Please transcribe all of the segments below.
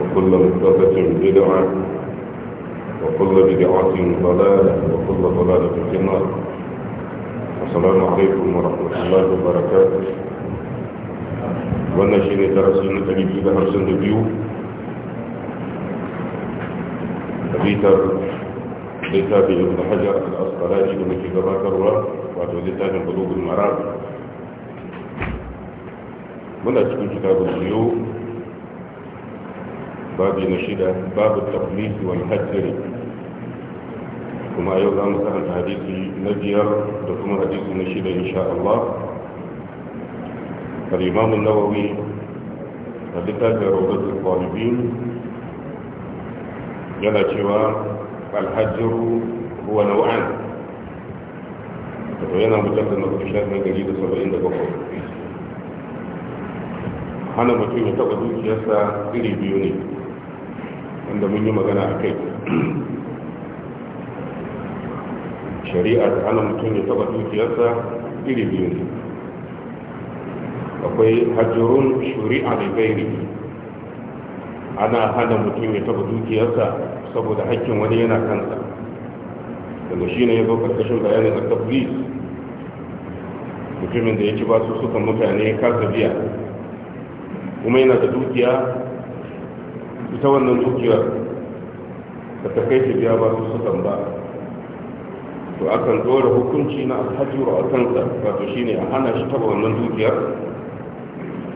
وكل مدفة بدعة وكل بدعة ضلالة وكل ضلالة في النار السلام عليكم ورحمة الله وبركاته وانا شيني ترسل نتالي في بحر سند بيو بيتر بيتر بيتر حجر الأسقلاتي ومشي جراكر وعدو ديتان قلوب المراب وانا تكون كتاب بيو باب نشيدة باب التقليف والهجر كما أيضا مثلا حديث نجير وكما حديث نشيدة إن شاء الله الإمام النووي حديثة لروضة الطالبين جل شواء الهجر هو نوعا وينا نظر مكتشات من جديد سبعين دقائق أنا mutum ya taɓa zuciyarsa iri biyu ne wanda mun yi magana a kai shari'a da hana mutum ya taba dukiyarsa iri biyu ne akwai hajjurun shuri'a da gairi ana hana mutum ya taba dukiyarsa saboda hakkin wani yana kansa daga shi ne ya zo karkashin bayanin a taflis mutumin da ya ci ba su suka mutane kasa biya kuma yana da dukiya ita wannan dukiyar da ta kai biya ba su sukan ba to akan dora hukunci na alhaji wa kansa wato ne a hana shi taba wannan dukiyar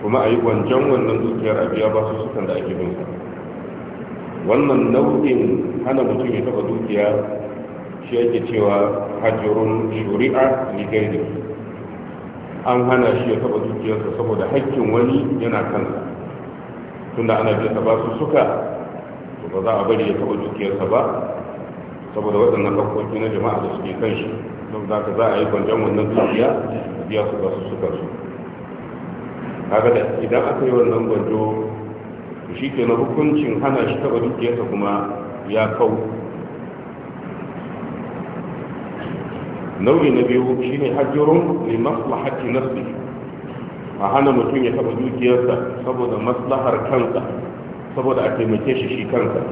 kuma a yi gwanjan wannan dukiyar a biya ba su sukan da ake binsa wannan nau'in hana mutum ya taba dukiya shi yake cewa hajjurun shuri'a ligairi an hana shi ya taba dukiyarsa saboda haƙƙin wani yana kansa tunda ana bin ta ba su suka to ba za a bari ya taɓa dukiyarsa ba saboda waɗannan ɗaukoki na jama'a da suke kan shi don za ka za a yi kwanjan wannan dukiya biya su ba su suka su kaga da idan aka yi wannan gwanjo shi ke na hukuncin hana shi taɓa dukiyarsa kuma ya kau nau'i na biyu shine hajjurun li maslahati nasbihi a hana mutum ya taɓa dukiyarsa saboda maslahar kansa saboda a taimake shi shi kansa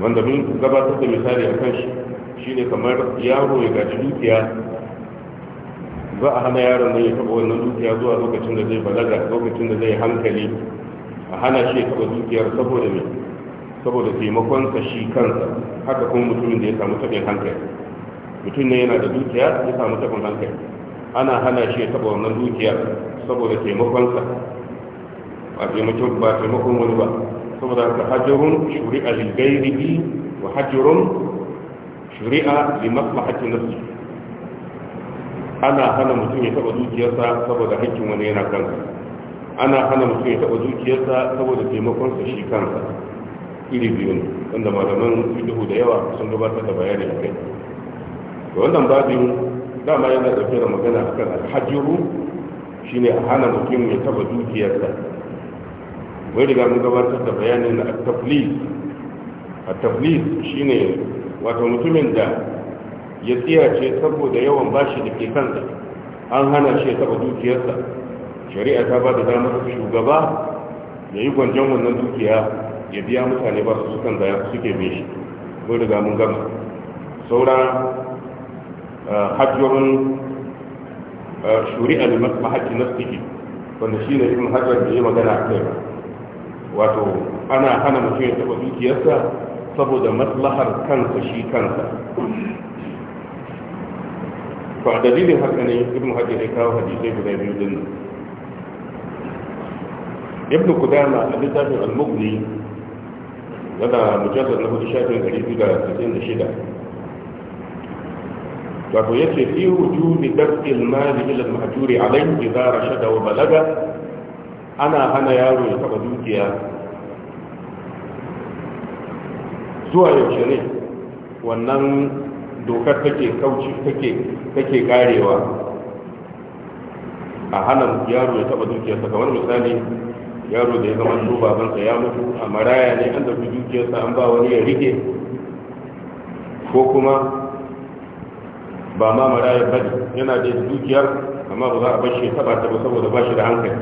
wanda mun gabatar da misali a kan shi shine kamar yaro ya gaji dukiya za a hana yaron nan ya taɓa wannan dukiya zuwa lokacin da zai balaga lokacin da zai hankali a hana shi ya taɓa dukiyar saboda me saboda taimakonsa shi kansa haka kuma mutumin da ya samu taɓin hankali mutum ne yana da dukiya ya samu taɓin hankali ana hana shi ya taɓa wannan dukiyar saboda taimakonsa ba taimakon ba taimakon wani ba saboda haka hajjurun shuri'a lil wa hajjurun shuri'a li maslahati nafsi ana hana mutum ya taɓa dukiyarsa saboda hakkin wani yana kansa ana hana mutum ya taɓa dukiyarsa saboda taimakonsa shi kansa iri biyu ne wanda malaman fiqh da yawa sun gabatar da bayani a kai wannan babin dama yana ɗauke da magana a kan alhajiru shine a hana mutum ya taba dukiyarsa wai riga mun gabatar da bayanin na taflis a taflis shine wato mutumin da ya tsiyace saboda yawan bashi da ke kansa an hana shi ya taba dukiyarsa shari'a ta ba da damar shugaba ya yi gwanjan wannan dukiya ya biya mutane ba su sukan da suke bin shi wai riga mun gama sauran hajjurun eh, shuri'a da mahajji nafsihi wanda shi ne ibn hajar da ya magana a kai wato ana hana mutum ya taɓa dukiyarsa saboda maslahar kansa shi kansa to a dalilin haka ne ibn hajar ya kawo hadisai guda biyu din nan ibn kudama a littafin al-mughni yana mujallar na hudu shafin 266 wato yace fi wujudi dafil mali ila al-mahjuri alayhi idza rashada wa balaga ana hana yaro ya taba dukiya zuwa yaushe ne wannan dokar take kauci take take karewa a hana yaro ya taba dukiyarsa kamar misali yaro da ya zama su babansa ya mutu a maraya ne an dauki dukiyarsa an ba wani ya rike ko kuma ba ma maraya bane yana da dukiyar amma ba za a bashi taba ta ba saboda ba shi da hankali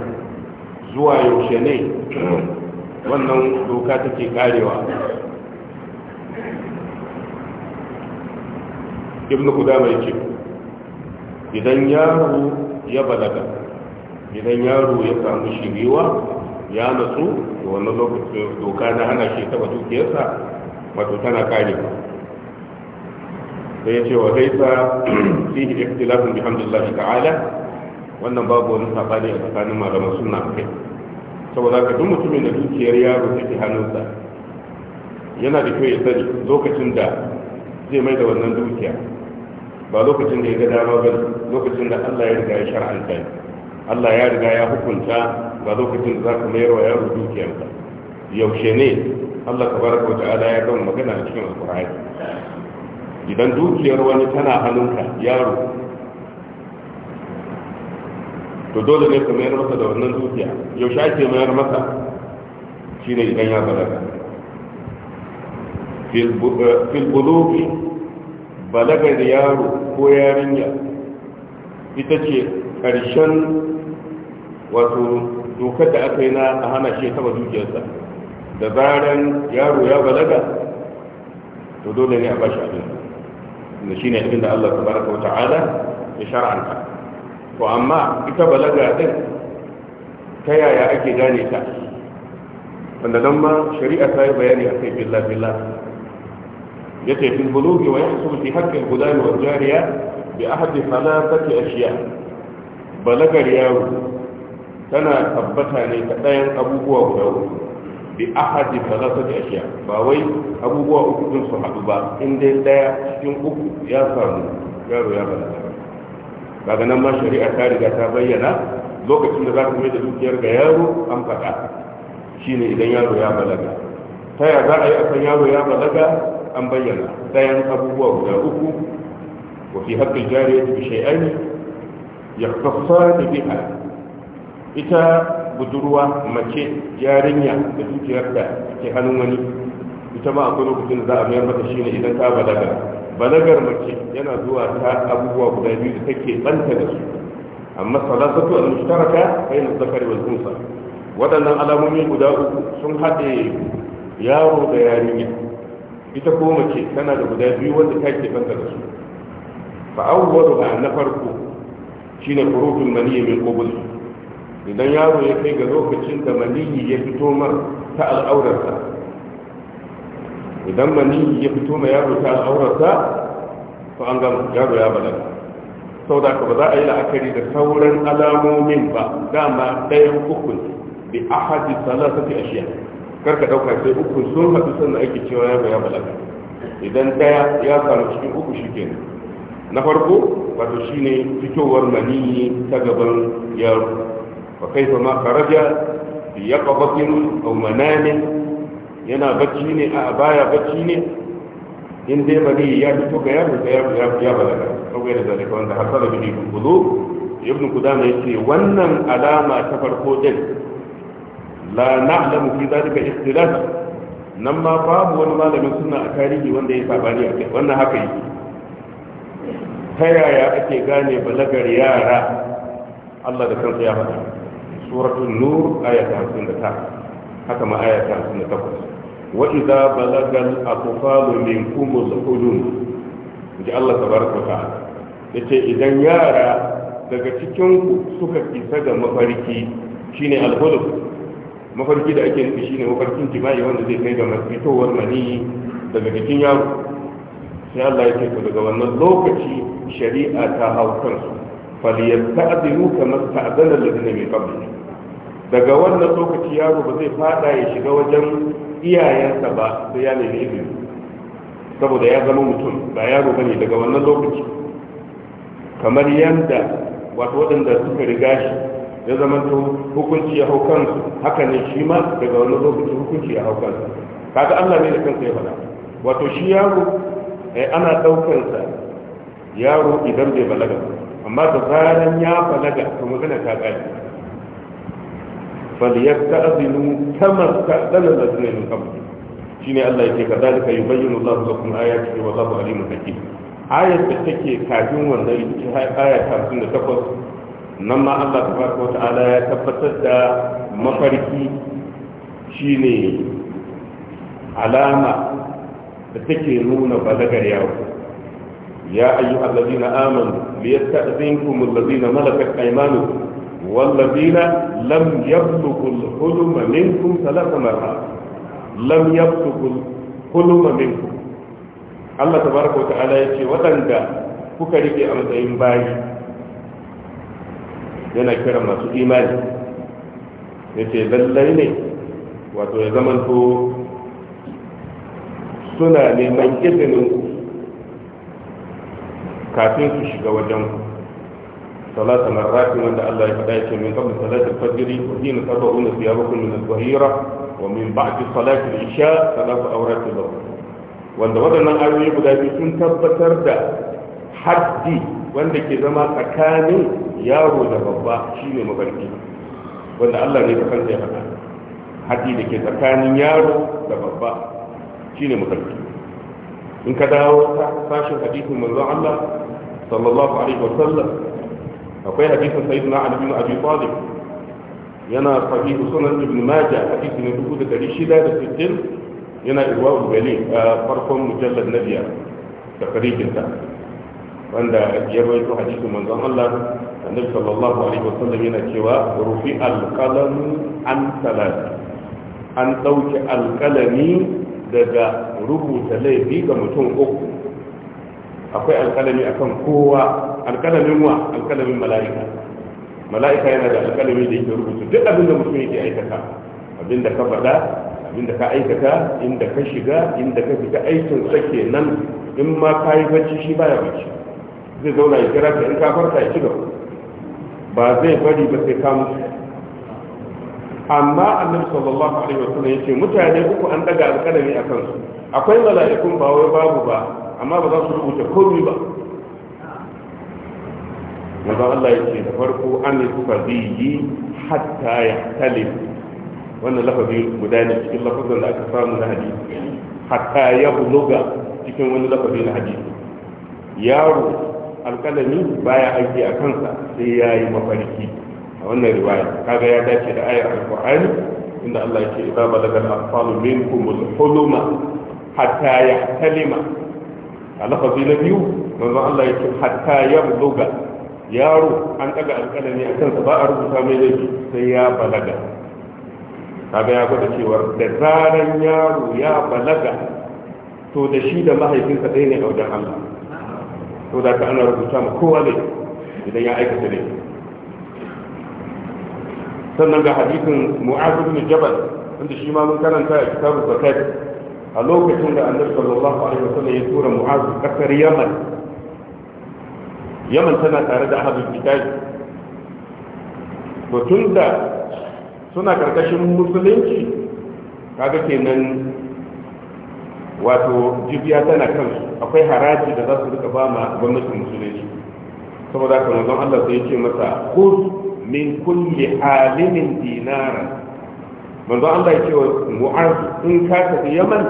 zuwa yaushe ne wannan doka take karewa ibn kudama yake idan yaro ya balaga idan yaro ya samu shiriwa ya nasu da wannan lokacin doka na hana shi taba dukiyarsa wato tana karewa sai ya ce wa laisa fihi ikhtilafun bihamdillah ta'ala wannan babu wani sabani a tsakanin malaman sunna kai saboda ka duk mutumin da dukiyar yaro take hannunsa yana da kyau ya sani lokacin da zai mai da wannan dukiya ba lokacin da ya ga dama ba lokacin da Allah ya riga ya shar'anta Allah ya riga ya hukunta ba lokacin da za ka mayar wa yaro dukiyarsa yaushe ne Allah tabaraka wa ta'ala ya ga magana a cikin alqur'ani idan dukiyar wani tana hannunka yaro to dole ne ka mayar masa da wannan dukiya yaushe ke mayar masa Shi ne idan ya balaga filbuluki eh, buluki balagar yaro ko yarinya ita ce ƙarshen wato dokar da aka yi na a hana shi taba dukiyarsa da zaren yaro ya balaga to dole ne a bashi abin da shine abin da Allah tabaraka wa ta'ala ya shar'anta Ko amma ita balaga din ta yaya ake gane ta wanda don ma shari'a ta yi bayani a kai billah billah ya ce fil bulugi wa yahsul fi haqqi al-ghulam wa jariya bi ahadi thalathati ashiya balagar yaro tana tabbata ne ta ɗayan abubuwa guda uku bi ahadi fa za ta ashiya ba wai abubuwa uku din su haɗu ba in dai daya cikin uku ya samu yaro ya balaga ga nan ma shari'a ta riga ta bayyana lokacin da za ka mai da dukiyar ga yaro an faɗa shine idan yaro ya balaga ta ya za a yi akan yaro ya balaga an bayyana dayan abubuwa guda uku wa fi haƙƙin jariyar bi shay'ani ya kafa da biha ita budurwa mace yarinya da dukiyar da ke hannun wani ita ma akwai lokacin da za a mayar mata shine idan ta balaga balagar mace yana zuwa ta abubuwa guda biyu da take banta da su amma salasatu al-mushtaraka bayna zakari wal unsa waɗannan alamomi guda uku sun haɗe yaro da yarinya ita ko mace tana da guda biyu wanda ta ke banta da su fa awwalu na farko shine furutun maniyyi min qubul idan yaro ya kai ga lokacin da maniyi ya fito ma ta al'aurarsa idan maniyi ya fito ma yaro ta al'aurarsa to an gama yaro ya balaga sau da ba za a yi la'akari da sauran alamomin ba dama ɗaya ukun bi a ahadi salasati ashiya karka ɗauka sai ukun sun haɗu sannan ake cewa yaro ya balaga idan ɗaya ya samu cikin uku shi kenan na farko wato shine fitowar maniyi ta gaban yaro fa kaifa ma kharaja bi yaqbatin aw manamin yana bacci ne a baya bacci ne in dai bari ya fito ga yaro da ya balaga saboda da zalika wanda hasala bihi kudu ibn kudama yace wannan alama ta farko din la na'lamu fi zalika ikhtilaf nan ma babu wani malamin suna a tarihi wanda ya sabani akai wannan haka yi ta yaya ake gane balagar yara Allah da ya suratul nur aya ta 59 haka ma aya ta 58 za idza balagal atfalu minkum al-hulum ji Allah tabaraka wa ta'ala ce idan yara daga cikin ku suka isa ga mafarki shine al mafarki da ake nufi shine mafarkin jima'i wanda zai kai ga fitowar mani daga jikin yaro sai Allah ya ce to daga wannan lokaci shari'a ta hau kansu falyatta'dinu kama ta'dana alladhina min qablihim daga wannan lokaci yaro ba zai fada ya shiga wajen iyayensa ba sai ya nemi izini saboda ya zama mutum ba yaro ba ne daga wannan lokaci kamar yadda wato waɗanda suka riga shi ya zama to hukunci ya hau kansu haka ne shi ma daga wannan lokaci hukunci ya hau kansu kaga Allah ne da kansa ya faɗa wato shi yaro eh, ana ɗaukansa yaro idan bai balaga amma da zaran ya balaga to magana ta ƙare فليستأذنوا كما استأذن الذين من قبلهم shine Allah yake kadalika yubayyinu Allah lakum ayatihi wa Allahu alimun hakim ayat da take kafin wannan ita aya 58 nan ma Allah tabaraka ta'ala ya tabbatar da mafarki shine alama da take nuna balagar yawo ya ayyuhallazina amanu liyasta'zinkum wallazina lam yablughul huluma minkum thalatha marrat lam yablughul huluma minkum Allah tabaraka wa ta'ala waɗanda kuka rike a matsayin bayi yana kira masu imani yace lallai ne wato ya zamanto suna neman izinin kafin su shiga wajen صلاة مرات وأن الله يبدأك من قبل صلاة الفجر وحين تضعون ثيابكم من الظهيرة ومن بعد صلاة العشاء ثلاث أورات لهم وأن وضعنا آيوي يبدأ بكم تبتر دا حدي وأن ما تكاني يارو دا ربا شيني مباركي وأن الله يتخلص يا فتاة حدي كذا تكاني يارو دا ربا شيني مباركي إن كذا هو فاشل حديث من الله صلى الله عليه وسلم akwai hadisin sayyidina na bin abi talib yana sahih sunan ibn majah hadisi ne 1660 yana irwaul a farkon mujallar na biyar takarijin ta wanda ya rawaito hadisin manzon Allah annabi sallallahu alaihi wasallam yana cewa rufi alqalam an salat an dauki alqalami daga rubuta laifi ga mutum uku akwai alkalami akan kowa alkalamin wa alkalamin mala'ika mala'ika yana da alkalami da yake rubuta duk abin da mutum yake aikata abin da ka faɗa abin da ka aikata inda ka shiga inda ka fita aikin sa nan, in ma ka yi bacci shi baya bacci zai zauna ya kira ka in ka farka ya ci gaba ba zai bari ba sai ka mutu amma annabi sallallahu alaihi wasallam yace mutane uku an daga alkalami akan su akwai mala'ikun ba wai babu ba amma ba za su rubuta komai ba maza Allah yake da farko an fadiyi hatta ya talib wannan lafazi guda ne cikin lafazin da aka samu na hadisi hatta ya buluga cikin wani lafazi na hadisi yaro alkalami baya aiki a kansa sai ya yi mafarki a wannan riwaya kaga ya dace da ayar alkur'ani inda Allah yake idza balaga al-atfalu minkum al-huluma hatta yahtalima a lafazi na biyu manzo Allah ya ce hatta ya buga yaro an daga alƙalami a kansa ba a rubuta mai laifi sai ya balaga kaga ya gwada cewar da zaran yaro ya balaga to da shi da mahaifinsa ɗaya ne a wajen Allah to da ka ana rubuta ma kowa ne idan ya aikata ne sannan ga hadisin mu'az bin jabal inda shi ma mun karanta a kitabu zakat a lokacin da annabi sallallahu alaihi wasallam ya tura muhazu kasar yaman yaman tana tare da ahlul kitabi to da suna karkashin musulunci kaga kenan wato jibiya tana kansu akwai haraji da za su rika ba ma gwamnatin musulunci saboda haka manzon Allah sai ya ce masa khudh min kulli alimin dinaran manzo Allah ya ce wa mu'az in ka tafi yaman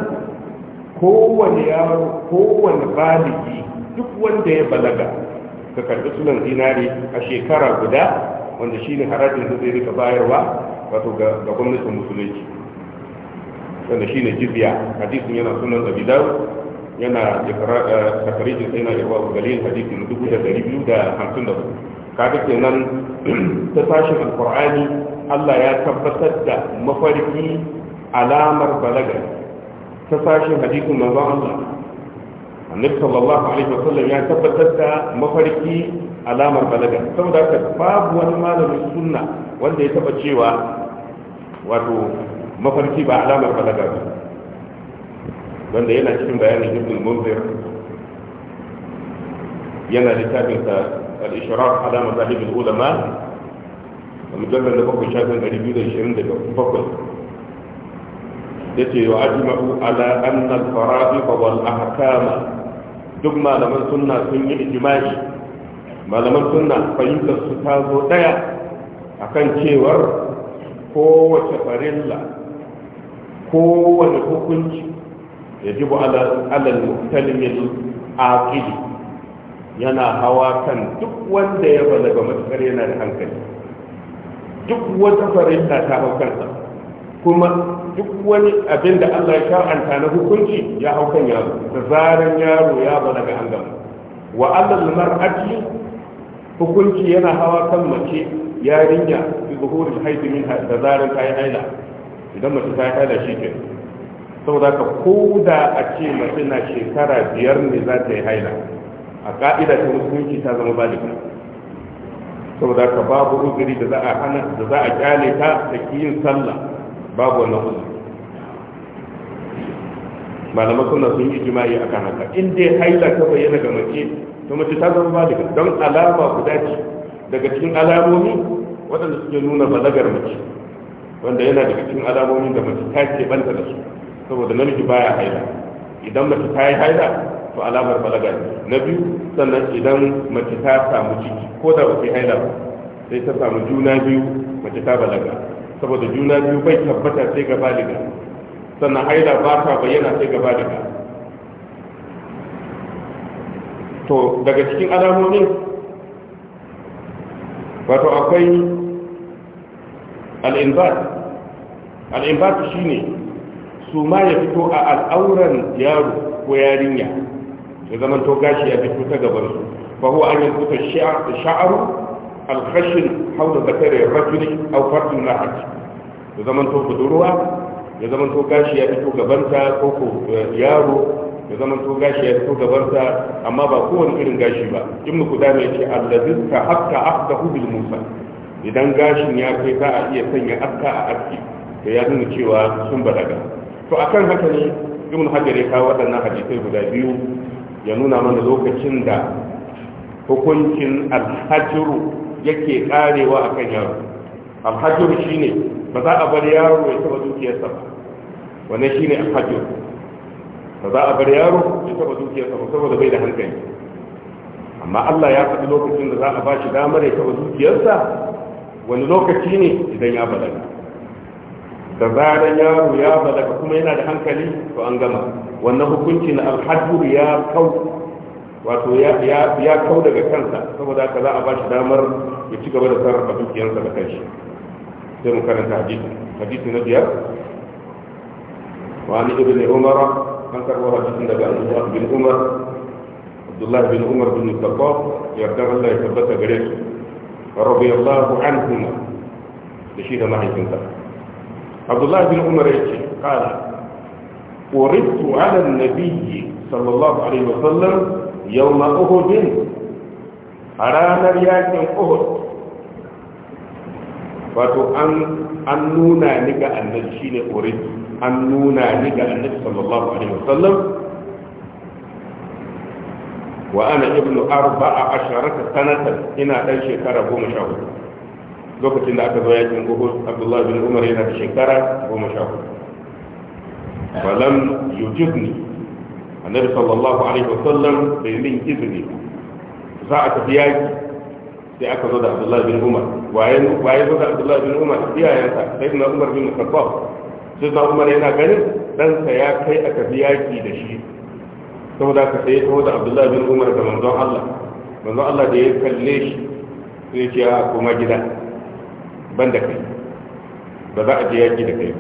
kowane yaro kowane baligi duk wanda ya balaga ka karbi sunan dinari a shekara guda wanda shine harajin da zai rika bayarwa wato ga gwamnatin musulunci wanda shine jibiya hadisin yana sunan abi yana eh, takarijin sai na irwa galil hadisin 2254 kafin kenan ta tashin alqur'ani Allah ya tabbatar da mafarki alamar balaga ta sashin hadisin manzon Allah annabi sallallahu alaihi wasallam ya tabbatar da mafarki alamar balaga saboda haka babu wani malamin sunna wanda ya taba cewa wato mafarki ba alamar balaga ba wanda yana cikin bayanin ibn munzir yana littafinsa al-ishraq ala mazahib al-ulama da mujallar da bakwai shafin ɗari biyu da ishirin da bakwai ya ce wa ajma'u ala annal fara'iqa wal hakama. duk malaman sunna sun yi ijma'i malaman suna fahimtar su ta zo daya kan cewar kowace farilla kowane hukunci ya ji ala alal muhtalimin aqili yana hawa kan duk wanda ya balaga matukar yana da hankali duk wata farinta ta hau kansa kuma duk wani abin da Allah ya shar'anta na hukunci ya hau kan yaro da zaran yaro ya bana ga gama wa Allah alal aji hukunci yana hawa kan mace yarinya bi zuhuril haidi minha da zaran ta yi haila idan mace ta yi haila shi ke saboda ka koda a ce mace na shekara biyar ne za ta yi haila a ka'ida ta musulunci ta zama balika saboda ka babu uzuri da za a hana da za a kyale ta da kiyin sallah babu wannan uzuri malamai suna sun yi jima'i akan haka in dai haila ta bayyana ga mace to mace ta zama baliga don alama guda ce daga cikin alamomi waɗanda suke nuna balagar mace wanda yana daga cikin alamomin da mace ta ce banta da su saboda namiji baya haila idan mace ta yi haila to alamar balaga ne na biyu sannan idan mace ta samu ciki ko da ba ta haila ba sai ta samu juna biyu mace ta balaga saboda juna biyu bai tabbata sai ga baliga sannan haila ba ta bayyana sai ga baliga to daga cikin alamomin wato akwai al'inbat al'inbat shine su ma ya fito a al'auran yaro ko yarinya ya zama to gashi ya fito ta gaban su fa huwa an yakuta sha'aru al-khashin hawla zakari rajuli aw fardun lahaj ya zama to budurwa ya zama to gashi ya fito gabanta ko ko eh, yaro ya zama to gashi ya fito gabanta amma ba kowane irin gashi ba In ibnu kudama yace allazi ta hatta afdahu bil musa idan gashin ya kai za a iya sanya aska a aski da ya nuna cewa sun balaga to akan haka ne ibn hajar ya kawo waɗannan hadisai guda biyu ya nuna mana lokacin da hukuncin alhajiru yake karewa kan yaro alhajiru ne ba za a bar yaro ya taba dukiyarsa ba shi ne alhajiru ba za a bar yaro ya taba dukiyarsa ba saboda bai da hankali amma Allah ya faɗi lokacin da za a ba shi damar ya taba dukiyarsa wani lokaci ne idan ya balaga da zaran yaro ya balaga kuma yana da hankali to an gama wannan hukunci na alhadu ya kau wato ya kau daga kansa saboda haka za a bashi damar ya ci gaba da sarrafa dukiyarsa da kanshi sai mu karanta hadisi hadisi na biyar wa ni ibn umar an karbo hadisin daga abdullah bin umar abdullah bin umar bin khattab yardar Allah ya tabbata gare su radiyallahu anhuma da shi da mahaifinsa abdullahi bin umar yake kala uritu ala nabiyyi sallallahu alaihi wasallam yawma uhudin a ranar yakin uhud wato an nuna ni ga annabi shine uritu an nuna ni ga annabi sallallahu alaihi wasallam wa ana ibnu arba'a asharata sanatan ina dan shekara goma sha hudu lokacin da aka zo yakin uhud abdullahi bin umar yana da shekara goma sha hudu falam yujibni annabi sallallahu alaihi wasallam bai min izini za a tafi yaki sai aka zo da abdullahi bin umar waye zo da abdullahi bin umar iyayensa sai na umar bin khattab sai na umar yana ganin Dan sa ya kai a tafi yaki da shi saboda ka sai taho da abdullahi bin umar da manzon allah manzon allah da ya kalle shi sai ce a ah, koma gida ban da kai ba za a je yaki da kai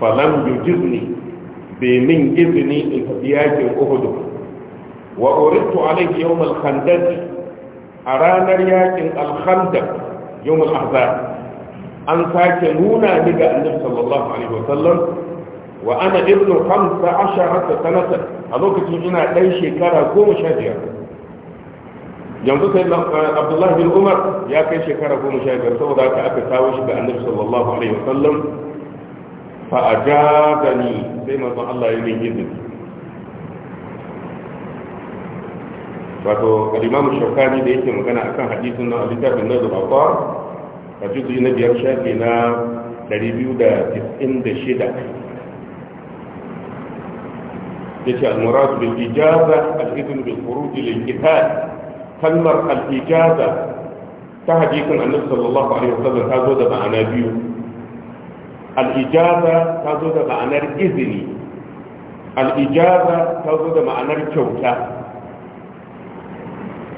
falam yujizni bai min izini in tafi yakin Uhudu, wa uritu alayhi yawm al-khandaq a ranar yakin al-khandaq yawm al-ahzab an sake nuna ni ga annabi sallallahu alaihi wa sallam wa ana ibnu 15 sanata a lokacin ina dan shekara 15 yanzu sai abdullahi bin umar ya kai shekara goma sha biyar saboda haka aka kawo shi ga annabi sallallahu alaihi wasallam fa ajabani sai manzon Allah ya yi izini wato al-imam shawkani da yake magana akan hadisin na al-kitabun nazar al-qaw a juzu na biyar shafi na 296 yace al-murad bil ijaza al-idn bil khuruj lil qital kalmar al-ijaza ta hadisin annabi sallallahu alaihi wasallam ta zo da ma'ana biyu Al'ijaza ta zo da ma'anar izini Al'ijaza ta zo da ma'anar kyauta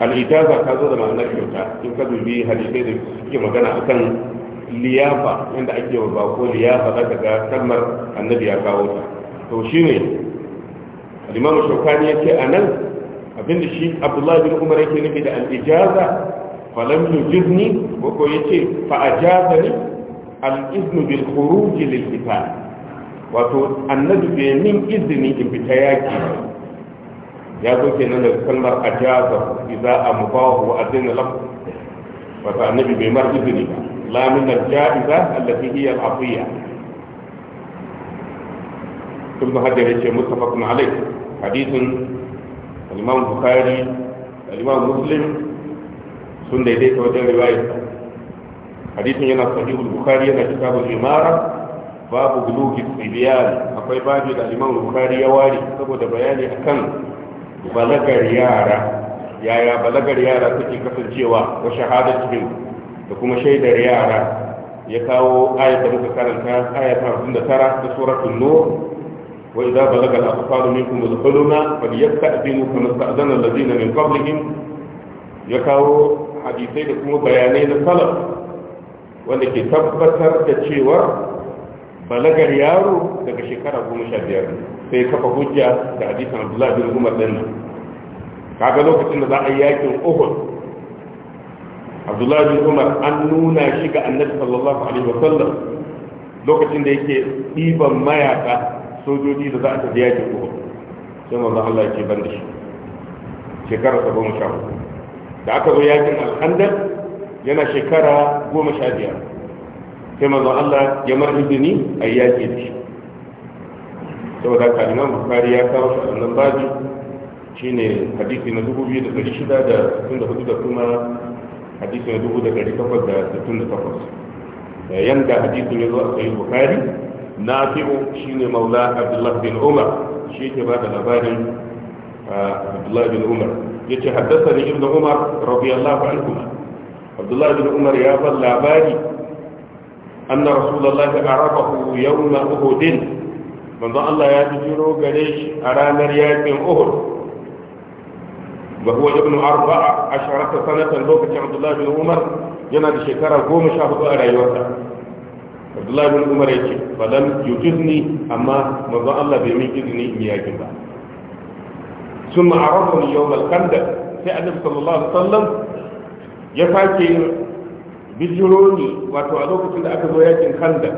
Al'ijaza ta zo da ma'anar kyauta in ka dubi hadisai da suke magana akan liyafa yanda ake wa bako liyafa za ta ga kalmar annabi ya kawo ta to shine al-imam shaukani yake anan abinda shi abdullahi bin umar yake nufi da al-ijaza falam yujizni ko ya ce fa ajazani ni? izn bil khuruj lil qital wato annabi bai min izini in fita yaki ya zo kenan da kalmar ajaza idza wa adina lahu wato annabi bai mar izini ba la min al-ja'iza allati hiya al-afiya ibn hajar yace muttafaqun alayh hadithun al-imam bukhari al-imam muslim sun daidaita wajen riwayar hadisin yana sahihul bukhari yana kitabul imara babu bulugi tsibiyar akwai babu da liman bukari ya ware saboda bayani akan balagar yara yaya balagar yara suke kasancewa wa cikin da kuma shaidar yara ya kawo ayat da muka karanta ayat 29 da suratul nur وإذا بلغ الأطفال منكم الحلم فليستأذنوا كما استأذن الذين من قبلهم يكاو حديثي لكم بيانين السلف wanda ke tabbatar da cewa balagar yaro daga shekara goma sha biyar sai kafa hujja da hadisan abdullahi bin umar din nan kaga lokacin da za a yi yakin uhud abdullahi bin umar an nuna shi ga annabi sallallahu alaihi lokacin da yake ɗiban mayaka sojoji da za a tafi yaƙin uhud sai manzo Allah ya ce ban da shi shekara ta goma sha hudu da aka zo yakin alhandar yana shekara goma sha biyar sai manzo Allah ya mar izini a yi yaki da shi saboda ka imam bukari ya kawo shi a wannan babi shine hadisi na dubu biyu da dari shida da sittin da hudu da kuma hadisi na dubu da dari takwas da sittin da takwas yanda hadisin ya zo a sayi bukari nafi'u ne maula Abdullahi bin umar shi ke ba da labarin Abdullahi bin umar ya ce haddasa ne ibn umar an anhu Abdullahi bin umar ya ba labari an na anna rasulullahi arabahu yawma uhudin manzo Allah ya jiro gare shi a ranar yakin uhud وهو ابن أربعة عشرة سنة Abdullahi bin Umar yana da shekara goma sha hudu a يوسف abdullahi bin umar ya ce falam yujizni amma manzon Allah bai min izini in yakin ba sun ma'arafa ni yau malkanda sai annabi sallallahu alaihi wasallam ya sake bijiro ni wato a lokacin da aka zo yakin kanda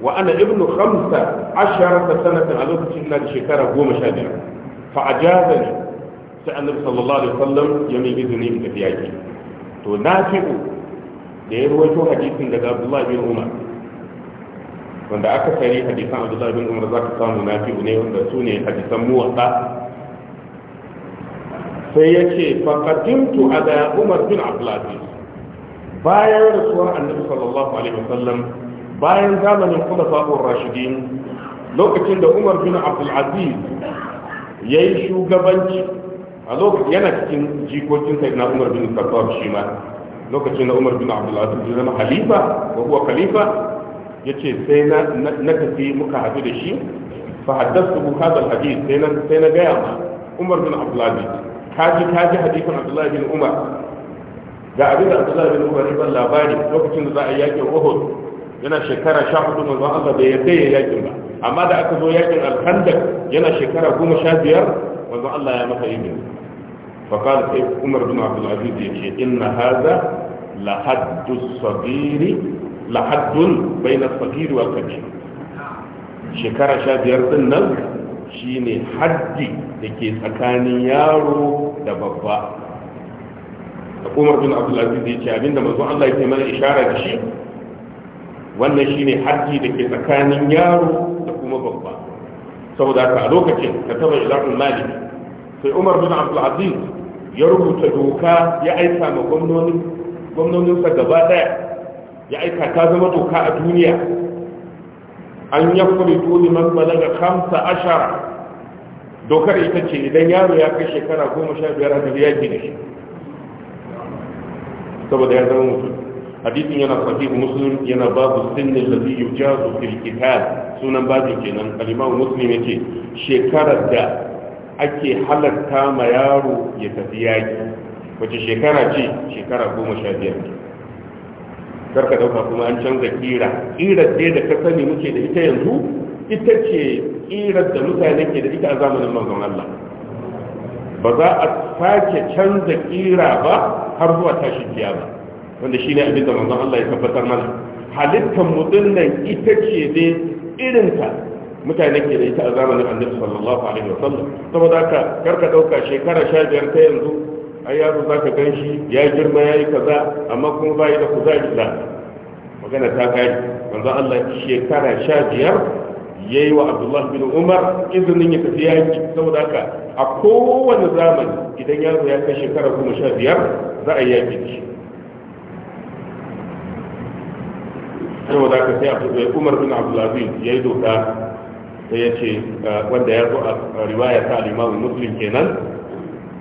wa ana ibnu khamsa ashara sanatan a lokacin ina da shekara goma sha biyar fa ne sai annabi sallallahu alaihi wasallam ya min izini in tafi yaki to na nafi'u da ya ruwaito hadisin daga abdullahi bin umar wanda aka sari hadisan abdullahi bin umar za ka samu na fi ne wanda su ne hadisan muwatsa sai ya ce faƙaddimtu ala umar bin abdulaziz bayan rasuwar annabi sallallahu alaihi wasallam bayan zamanin kula fa'ur rashidin lokacin da umar bin abdulaziz ya yi shugabanci a lokacin yana cikin jikokin sai na umar bin khattab shi ma lokacin da umar bin abdulaziz ya zama halifa ko kuwa khalifa ya ce sai na tafi muka haɗu da shi fa haddasta mu hadal hadis sai na gaya ma umar bin abdullahi kaji kaji hadisin abdullahi bin umar ga abin da abdullahi bin umar ban labari lokacin da za a yi yakin uhud yana shekara sha hudu manzon allah bai yarda ya yakin ba amma da aka zo yakin alhandak yana shekara goma sha biyar wanzu allah ya masa izini فقال سيف عمر بن عبد العزيز يشي إن هذا لحد الصغير lahaddun bai na fakiri wa kabi shekara sha biyar din nan ne haddi da ke tsakanin yaro da babba Da umar bin abdulaziz ya ce abinda mazu allah ke mana ishara da shi wannan shi ne haddi da ke tsakanin yaro da kuma babba saboda haka a lokacin ka taba ilahun malik sai umar bin abdulaziz ya rubuta doka ya aika ma gwamnoninsa gaba daya ya aika ta zama doka a duniya an ya kuri tuni man balaga kamsa ashara dokar ita ce idan yaro ya kai shekara goma sha biyar a duniya ke da shi saboda ya zama mutum hadisin yana sahihu muslim yana babu sinnin lazi yujazu fil kitab sunan babin kenan al-imam muslim ce, shekarar da ake halarta ma yaro ya tafi yaki wace shekara ce shekara goma sha biyar ne. kar ka dauka kuma an canza kira kirar dai da ka sani muke da ita yanzu ita ce kirar da mutane ke da ita a zamanin manzon Allah ba za a sake canza kira ba har zuwa tashi kiyama wanda shine abin da manzon Allah ya tabbatar mana halittar mutum nan ita ce dai irinta mutane ke da ita a zamanin annabi sallallahu alaihi wasallam saboda haka karka dauka shekara 15 ta yanzu ai yaro za ka gan shi ya girma ya yi kaza amma kuma ba yi da kuzari la magana ta kai manzo Allah shekara sha biyar ya yi wa Abdullah bin Umar izinin ya tafi yaki saboda haka a kowane zamani idan yaro ya kai shekara kuma sha biyar za a yi yaki da shi saboda haka sai Umar bin Abdulaziz ya yi doka sai ya ce uh, wanda ya zo a riwaya ta al-Imam Muslim kenan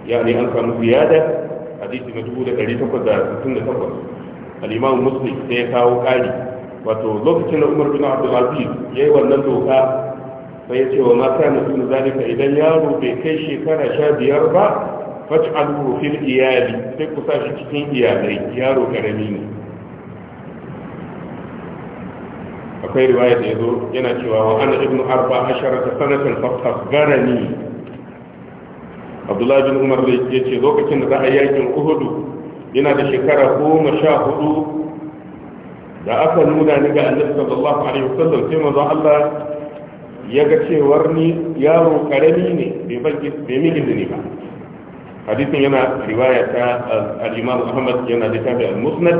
يعني أنت مزيادة da مجهولة قريبا قد سنة تقول الإمام مسلم سيكاو قالي wato lokacin da umar bin abdulaziz ya yi wannan doka sai ya ce wa mata na suna zalika idan yaro bai kai shekara sha biyar ba faci alhufin iyali sai kusa shi cikin iyalai yaro karami ne akwai riwaya da ya zo yana cewa wa ana ibnu arba ashara ta sanatan fasasgarani abdullahi bin umar da ya ce lokacin da za a yakin uhudu yana da shekara goma sha hudu da aka nuna ni ga annabi sallallahu alaihi wasallam sai manzo Allah ya ga cewar ni yaro karami ne bai ban bai izini ba hadisin yana riwaya ta al-Imam Ahmad yana da tabi al-Musnad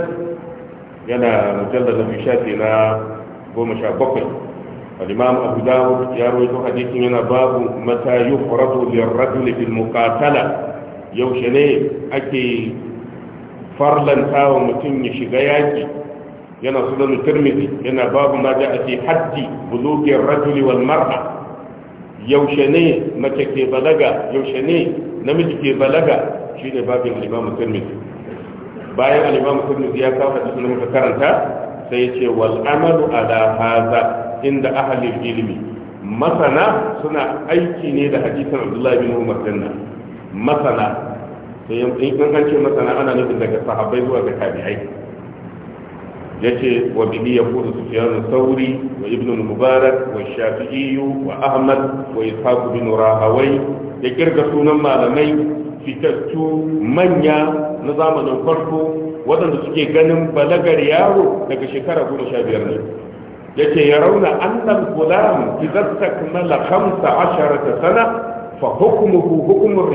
yana mujallad bi shafi na 17 الإمام أبو داود يروي حديث من باب متى يفرض للرجل في المقاتلة يوشني أكي فرلن تاو متن شغياكي ينا سنن الترمذي ينا باب ما جاء في حد بلوغ الرجل والمرأة يوشني متى كي بلغا يوشني نمج كي بلغا شين باب الإمام الترمذي باين الإمام الترمذي يا كاو حديث من كرنتا سيتي والعمل على هذا inda ahalin ilimi masana suna aiki ne da hadisan abdullahi bin umar dinnan masana in an ce masana ana nufin daga sahabai zuwa ga tabi'ai ce wa bihi yaqulu sufyan Sauri, wa ibn mubarak wa Shafi'iyu wa ahmad wa ishaq bin rahawai da kirga sunan malamai fitattu manya na zamanin farko waɗanda suke ganin balagar yaro daga shekara goma sha biyar ne yake ya rauna annal gulam idan takmala khamsa asharata sana fa hukmuhu hukmur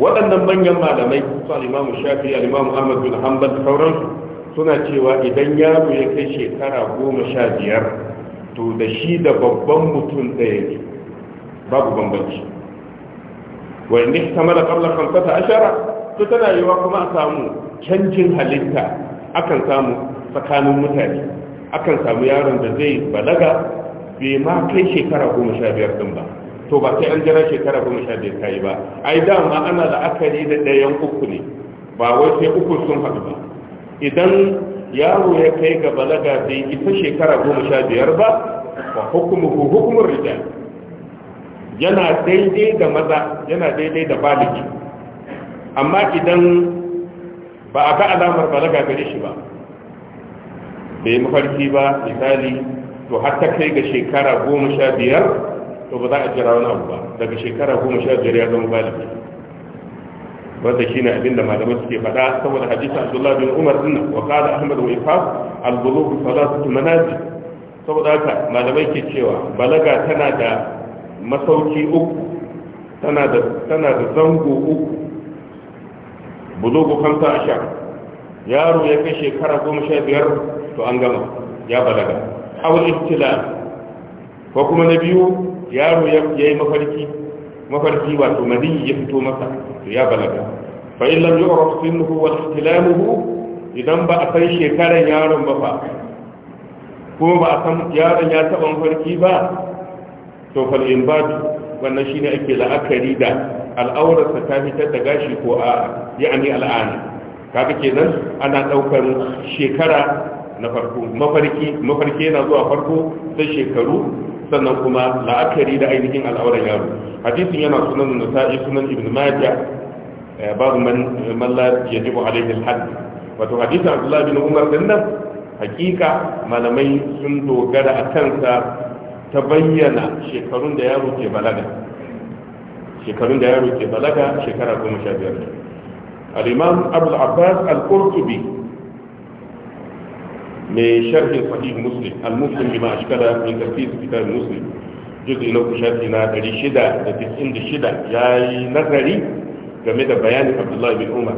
waɗannan manyan malamai su al shafi al ahmad bin hanbal sauransu suna cewa idan yaro ya kai shekara goma sha biyar to da shi da babban mutum ɗaya ne babu bambanci wa in ihtamala qabla khamsata ashara to tana yiwa kuma a samu canjin halitta akan samu tsakanin mutane akan samu yaron da zai balaga bai ma kai shekara goma sha biyar din ba to ba sai an jira shekara goma sha biyar kayi ba ai dama ana la'akari da ɗayan uku ne ba wai sai uku sun haɗu ba idan yaro ya kai ga balaga bai isa shekara goma sha biyar ba ba ko hukumun rijal yana daidai da maza yana daidai da baliki amma idan ba a ga alamar balaga gare shi ba bai mafarki ba misali to har ta kai ga shekara goma sha biyar to ba za a jira wani abu ba daga shekara goma sha biyar ya zama baligi wanda shi ne abinda malamai suke faɗa saboda hadisi abdullahi bin umar din wa qala ahmad wa ifaq al-bulugh salatu manazil saboda haka malamai ke cewa balaga tana da masauki uku tana da tana da zango uku bulugu 15 yaro ya kai shekara goma sha biyar to an gama ya balaga awul ibtila ko kuma na biyu yaro ya yi mafarki mafarki wato mani ya fito masa to ya balaga fa in lam yu'raf sinnuhu wa ihtilamuhu idan ba a san shekaran yaron ba fa kuma ba a san yaron ya taba mafarki ba to fal imbadu wannan shine ake la'akari da al'aurarsa ta fitar da gashi ko a ya'ani al'ana kaga kenan ana daukar shekara na farko mafarki mafarki yana zuwa farko sai shekaru sannan kuma la'akari da ainihin al'auran yaro hadisin yana sunan nasa'i sunan ibn majah eh, babu man man la yajibu alaihi al-hadd wato hadisin abdullahi bin umar din nan hakika malamai sun dogara a kansa ta bayyana shekarun da yaro ke balaga shekarun da yaro ke balaga shekara goma sha biyar الإمام أبو العباس القرطبي لشرح صحيح مسلم المسلم بما أشكله من تركيز كتاب مسلم جزء لو كشافنا رشدة لتسعين تسعين شدة يا نظري كمدى بيان عبد الله بن عمر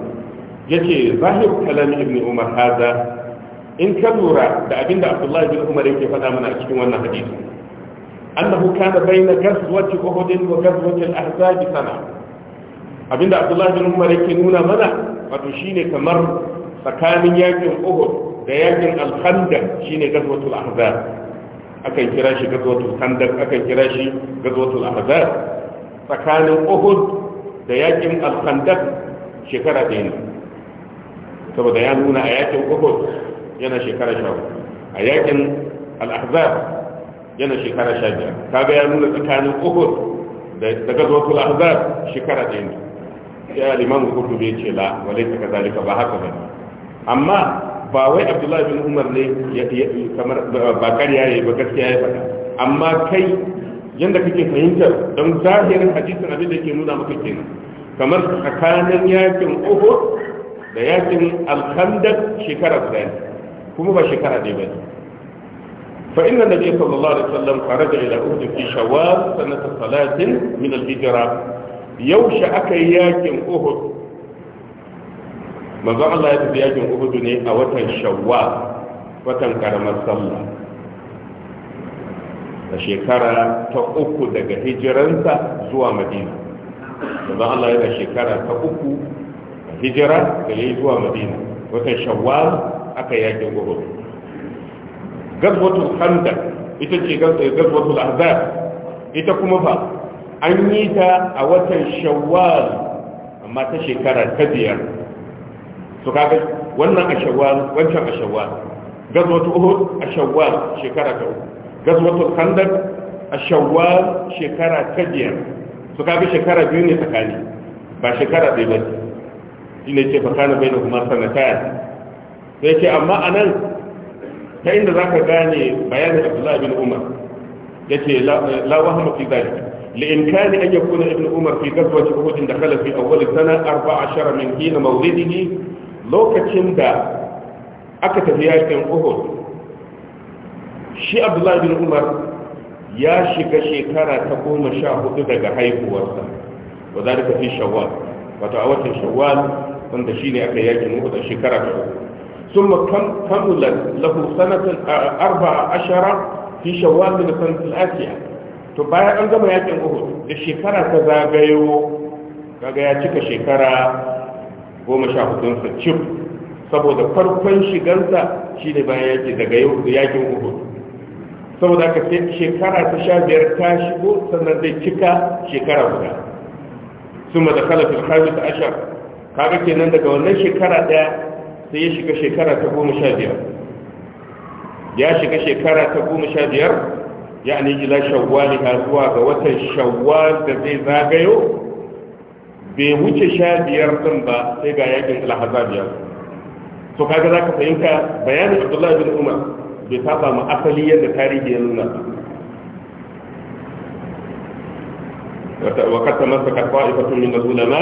يجي ظاهر كلام ابن عمر هذا إن كبر لأبن عبد الله بن عمر يجي فدا من أشكي وانا حديث أنه كان بين غزوة أحد وغزوة الأحزاب سنة abinda abdullahi bin umar yake nuna mana wato shine kamar tsakanin yakin uhud da yakin al-khandaq shine gazwatul ahzab akan kira shi gazwatul khandaq akan kira shi gazwatul ahzab tsakanin uhud da yakin al shekara ɗaya ne saboda ya nuna a yakin uhud yana shekara sha a yakin al yana shekara sha biyar kaga ya nuna tsakanin uhud da gazwatul ahzab shekara ɗaya ne sai al ce la walai ta ba haka amma ba wai abdullahi bin umar ne kamar ba kariya ba gaskiya ya faɗa amma kai yadda kake fahimtar don zahirin hadisin abin da yake nuna maka kenan kamar tsakanin yakin uhud da yakin al shekara guda kuma ba shekara ɗaya ba فإن النبي صلى الله عليه وسلم خرج إلى أهد في شوال سنة صلاة من الهجرة yaushe aka yi yakin uhud manzo Allah ya tafi yakin uhud ne a watan shawwal watan karamar sallah a shekara ta uku daga hijiransa zuwa madina manzo Allah yana shekara ta uku a hijira da ya yi zuwa madina watan shawwal aka yakin uhud gazwatul khandaq ita ce gazwatul ahzab ita kuma ba an yi ta a watan shawwal amma ta shekara ta biyar su kaga wannan a shawwal wancan a shawwal gazwatu uhud a shawwal shekara ta uku gazwatu khandaq a shawwal shekara ta biyar su kaga shekara biyu ne tsakani ba shekara ɗaya ba shi ne ce fakana bai da kuma sanataya sai ce amma a nan ta inda za ka gane bayanin abdullahi bin umar ya ce la wahama fi zalika لإمكان أن يكون ابن عمر في غزوة أحد دخل في أول سنة 14 من حين مولده لوكتشن دا أكت في ياكن أحد شي عبد الله بن عمر يا شيكا شيكارا تقوم شاهد دقا حيث ورسا وذلك في شوال وتعوات شوال wanda shine aka yaki Uhud a shekara ta uku summa kam kamulat lahu sanatan arba'a ashara fi shawwal min sanati al-asiya to bayan an gama yakin uhud da shekara ta zagayo kaga ya cika shekara goma sha hudunsa cif saboda farkon shigansa shi ne bayan yaki daga yakin uhud saboda ka sai shekara ta sha biyar ta shigo sannan zai cika shekara guda sun da kalafin ta ashar kaga kenan daga wannan shekara daya sai ya shiga shekara ta goma sha biyar ya shiga shekara ta goma sha biyar yani ila shawwali ha zuwa ga watan shawwal da zai zagayo bai wuce sha biyar din ba sai ga yakin alhazab biyar to kaga za ka fahimta bayanin abdullahi bin umar bai saba ma asali yadda tarihi ya nuna wa kasa masa karfa ifatun min ulama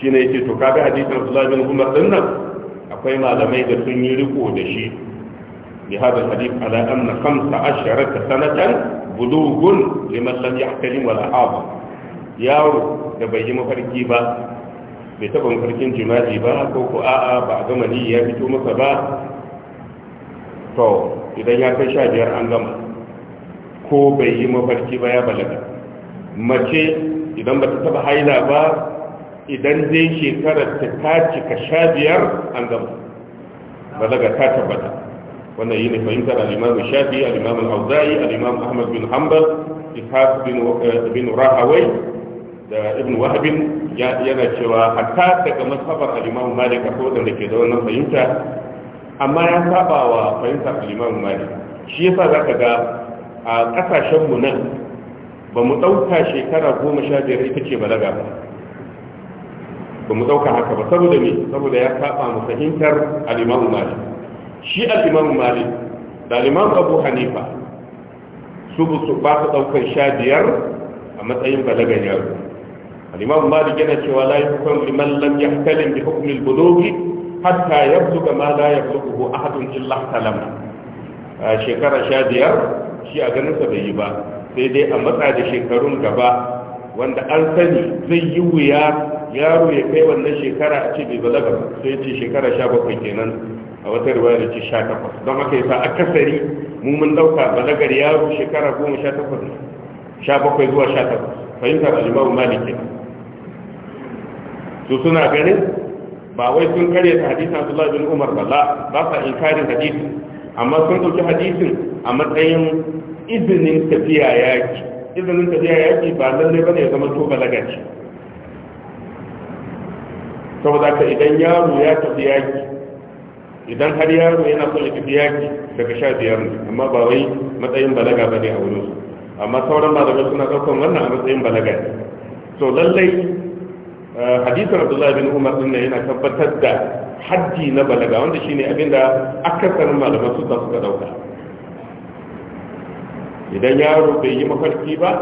shine yake to kaga hadisin abdullahi bin umar din nan akwai malamai da sun yi riko da shi لهذا الحديث على أن خمس عشرة سنة بلوغ لمن لم يحترم ولا حاضر yaro da bai yi mafarki ba bai taba mafarkin jima'i ba ko ko a'a ba a gama ni ya fito masa ba to idan ya kai sha biyar an gama ko bai yi mafarki ba ya balaga mace idan ba ta haila ba idan dai shekarar ta ta cika sha biyar an gama balaga ta tabbata wannan yi ne fahimtar al'imamu shafi al'imamu auza'i al'imamu ahmad bin hanbal ishaq bin eh, rahawai da ibn wahabin yana cewa hatta daga masabar al'imamu malik a kodin da ke da wannan fahimta amma ya saba wa fahimtar al'imamu malik shi yasa za ka ga a kasashenmu nan ba mu ɗauka shekara goma sha biyar ita ce balaga ba ba mu ɗauka haka ba saboda ne saboda ya saba mu fahimtar al'imamu malik shi al-imam da al abu hanifa su su ba su sha biyar a matsayin balagan yaro al-imam gina cewa la yukun liman lam yahtalim bi hukm al-bulughi hatta yabluga ma a yablughu ahadun illa A shekara sha biyar shi a ganinsa bai yi ba sai dai a matsa da shekarun gaba wanda an sani zai yi wuya yaro ya kai wannan shekara a ce bai balaga sai ce shekara sha bakwai kenan a wata ruwa da ce sha takwas don haka yasa kasari mu mun dauka balagar yaro shekara goma sha takwas sha bakwai zuwa sha takwas fahimtar jima'u maliki su suna ganin ba wai sun karya ta a abdullahi bin umar ba ba sa inkarin hadisi amma sun ɗauki hadisin a matsayin izinin tafiya yaki izinin tafiya yaki ba lallai bane ya zama to balaga ce saboda ka idan yaro ya tafi yaki idan har yaro yana son ya tafi yaki daga sha biyar ne amma ba wai matsayin balaga ba ne a wurin su amma sauran malamai suna ɗaukar wannan a matsayin balaga ne to lallai eh, hadisin abdullahi bin umar din yana tabbatar da haddi na balaga wanda shine abin da akasarin malaman su suka ɗauka idan yaro bai yi mafarki ba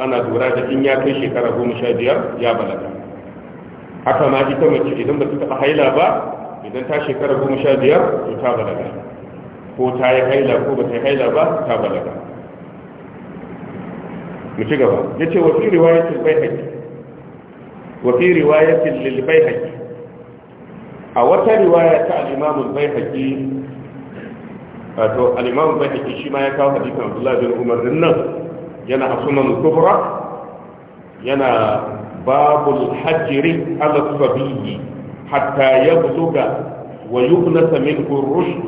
ana lura da in ya kai shekara goma sha biyar ya balaga haka ma ita mace idan ba ta taɓa haila ba idan ta shekara goma sha biyar to ta balaga ko ta yi haila ko ba ta yi haila ba ta balaga mu ci gaba ya ce wafi riwayatul baihaqi wafi riwayatul lil baihaqi a wata riwaya ta al-imam al-baihaqi to al-imam al-baihaqi shi ma ya kawo hadisin Abdullah bin Umar din nan yana asunan al-kubra yana babul hajri ala sabiyyi hatta ya buzuga wa yuknasa minhu rushd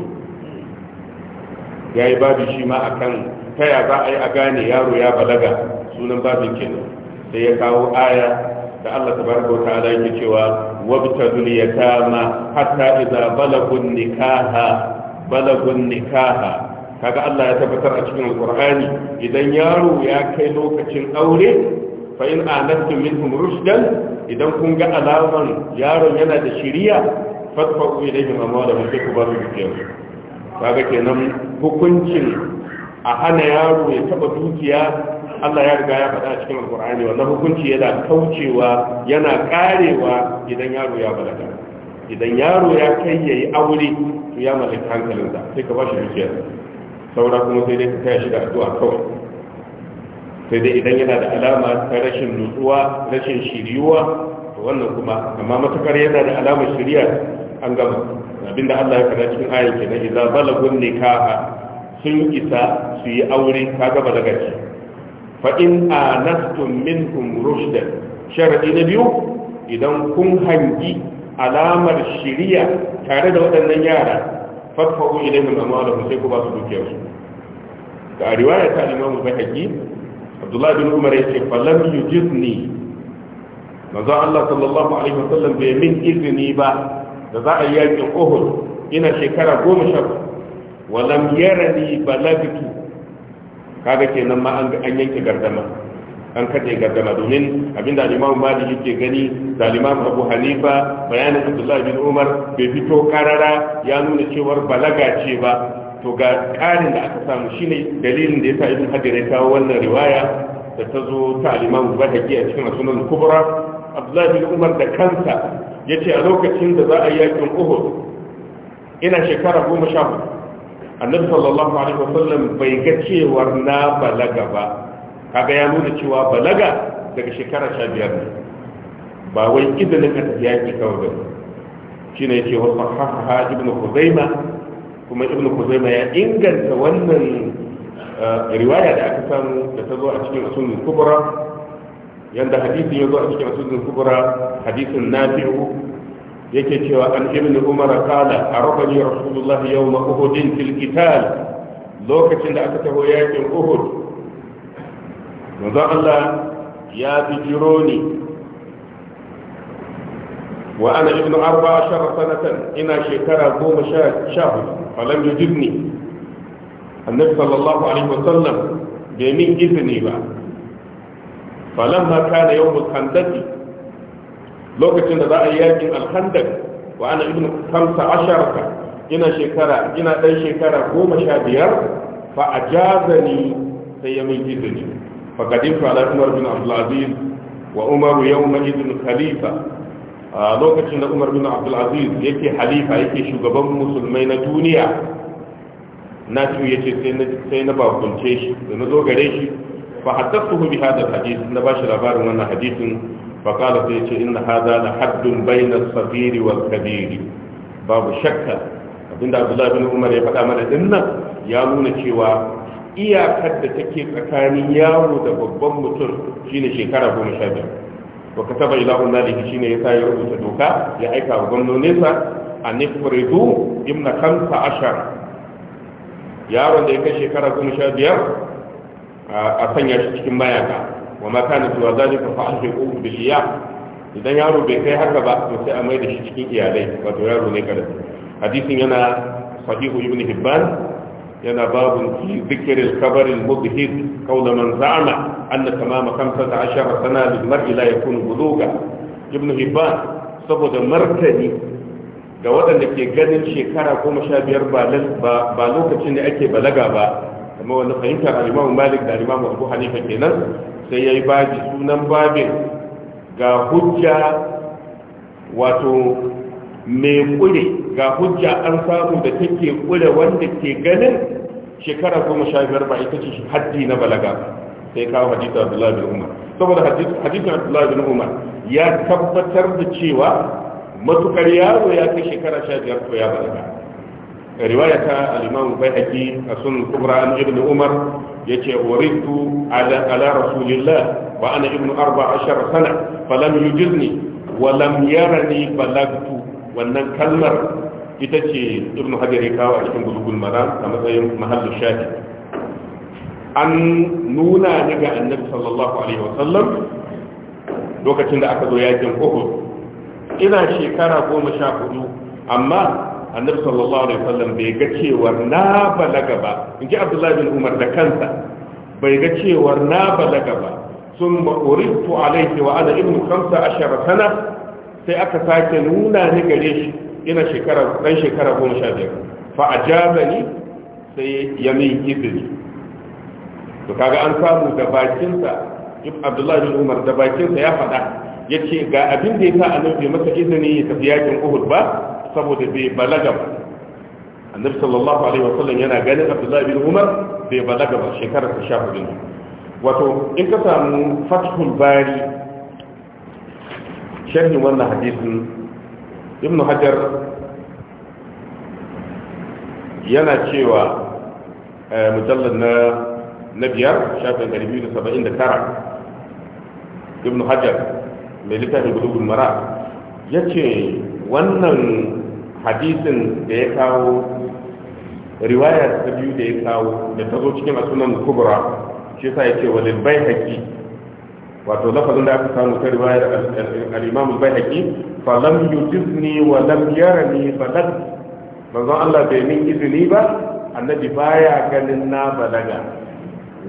yayi babu shi ma akan ta za a yi a gane yaro ya balaga sunan babin kenan sai ya kawo aya da Allah tabaraka wa ta'ala yake cewa wabtadul ma. hatta idza balagun nikaha balagun nikaha kaga Allah ya tabbatar a cikin alqur'ani idan yaro ya kai lokacin aure fa in anantum minhum rushdan idan kun ga alaman yaron yana da shiriya fatfa'u ilayhim amwalahum sai ku ku su Ba kaga kenan hukuncin a hana yaro ya taba dukiya Allah ya riga ya faɗa a cikin alkur'ani wannan hukunci yana kaucewa yana karewa idan yaro ya balaga idan yaro ya kai ya aure to ya mallaki hankalinsa sai ka ba shi dukiya saura kuma sai dai ka taya shi da addu'a kawai sai dai idan yana da alama ta rashin nutsuwa rashin shiriyuwa to wannan kuma amma matukar yana da alamar shiriya an gama abinda Allah ya faɗa cikin ayat kenan idza balagun nikaha sun isa su yi aure kaga balagaci fa in anastum minhum rushdan sharadi na biyu idan kun hangi alamar shiriya tare da waɗannan yara fatfa'u ilaihim amwalahum sai ku ba su dukiyarsu ga riwaya ta Imam Bukhari abdullahi bin umar yake falam yujizni manzo Allah sallallahu alaihi wasallam bai min izini ba da za a yanke Uhud ina shekara goma sha walam yarani balagtu kaga kenan ma an an yanke gardama an kaje gardama domin abinda al-Imam Malik yake gani da al-Imam Abu Hanifa bayanin Abdullah bin Umar bai fito karara ya nuna cewar balaga ce ba to ga ƙarin da aka samu shine dalilin da ya ibn hajjar ya kawo wannan riwaya da ta zo ta alimamu ba bahaqi a cikin sunan kubra abdullahi bin umar da kansa ce a lokacin da za a yi yakin uhud ina shekara goma sha hudu annabi sallallahu alaihi sallam bai ga cewar na balaga ba kaga ya nuna cewa balaga daga shekara sha biyar ne ba wai izinin a tafi yaki kawai ba shine yace wa sahaha ibn khuzaimah kuma ibnu kuzaima ya inganta wannan riwaya da aka samu da ta zo a cikin sunan kubra yanda hadisin ya zo a cikin sunan kubra hadisin nafi'u yake cewa an ibnu umar qala arabani rasulullah yawma uhud fil qital lokacin da aka taho yakin uhud manzo Allah ya bijiro ni wa ana ibnu 14 sanatan ina shekara 10 sha falam yujibni annabi sallallahu alaihi wasallam bai min izini ba falam ma kana yawmul khandaq lokacin da za a yi yakin alhandaq wa ana kamsa asharka. ina shekara ina dan shekara 15 fa ajazani sai ya min izini fa qadimtu ala umar bin abdul aziz wa umar yawma idin khalifa a lokacin da umar bin abdulaziz yake halifa yake shugaban musulmai na duniya na ciwo ya ce sai na bakunce shi da na zo gare shi fa haddasuhu bi hadha hadith na bashi labarin wannan hadithin ba qala sai ce inna haza da haddun bayna as-sabiri kabiri babu shakka abinda abdullahi bin umar ya faɗa mana dinnan ya nuna cewa iyakar da take tsakanin yawo da babban mutum shine shekara goma sha biyar wa kataba ila shi ne ya ya rubuta doka ya aika wa gwamnoninsa a ifridu ibn khamsa ashar yaron da ya kai shekara goma sha biyar a sanya shi cikin mayaka wa ma kana tuwa zalika fa ahriqu bil iyab idan yaro bai kai haka ba to sai a mai da shi cikin iyalai wato yaro ne kada hadisin yana sahihu ibn hibban yana babun fi zikirin kabarin mubhid kaula man za'ama anna tamama 15 sana lil mar'i la yakunu buluga ibn hibban saboda martani ga waɗanda ke ganin shekara goma sha biyar ba lokacin da ake balaga ba kamar wani fahimtar alimamu malik da alimamu abu hanifa kenan sai ya yi sunan babin ga hujja wato mai kure ga hujja an samu da take kure wanda ke ganin shekara goma sha biyar ba ita ce haddi na balaga sai kawo hadisi abdullahi bin umar saboda hadisi abdullahi bin umar ya tabbatar da cewa matukar yaro ya kai shekara sha biyar ko ya balaga riwaya ta al-imam bayhaqi a sunan kubra an ibn umar yace waritu ala ala rasulillah wa ana ibn 14 sana falam yujizni wa lam yarani balagtu wannan kalmar ita ce ibn hajar ya kawo a cikin bulugul maram a matsayin mahallin shafi an nuna ni ga annabi sallallahu alaihi wasallam lokacin da aka zo yakin uhud ina shekara goma sha hudu amma annabi sallallahu alaihi wasallam bai ga cewar na balaga ba in ji abdullahi bin umar da kansa bai ga cewar na balaga ba sun ma'uritu alaihi wa ana ibn 15 sana sai aka sake nuna ni gare shi ina shekara ɗan shekara goma sha biyar fa a sai ya min izini to kaga an samu da bakinsa abdullahi bin umar da bakinsa ya faɗa ya ce ga abin da ya sa annabi masa izini ya tafi yakin uhud ba saboda bai balaga ba annabi sallallahu alaihi wasallam yana ganin abdullahi bin umar bai balaga ba shekarar ta sha hudu wato in ka samu fathul bari sharhin wannan hadisin ibn hajar yana cewa eh, mujallar na na biyar shafin ɗari biyu da saba'in da tara ibn hajar mai littafin gudugun mara ya ce wannan hadisin da ya kawo riwaya ta biyu da ya kawo da ta zo cikin asunan kubra shi sa ya ce walil bai haƙi wato lafazin da aka samu ta riwaya da al-Imam al-Baihaqi fa lam yujizni wa lam yarani balag manzon Allah bai min izini ba annabi baya ganin na balaga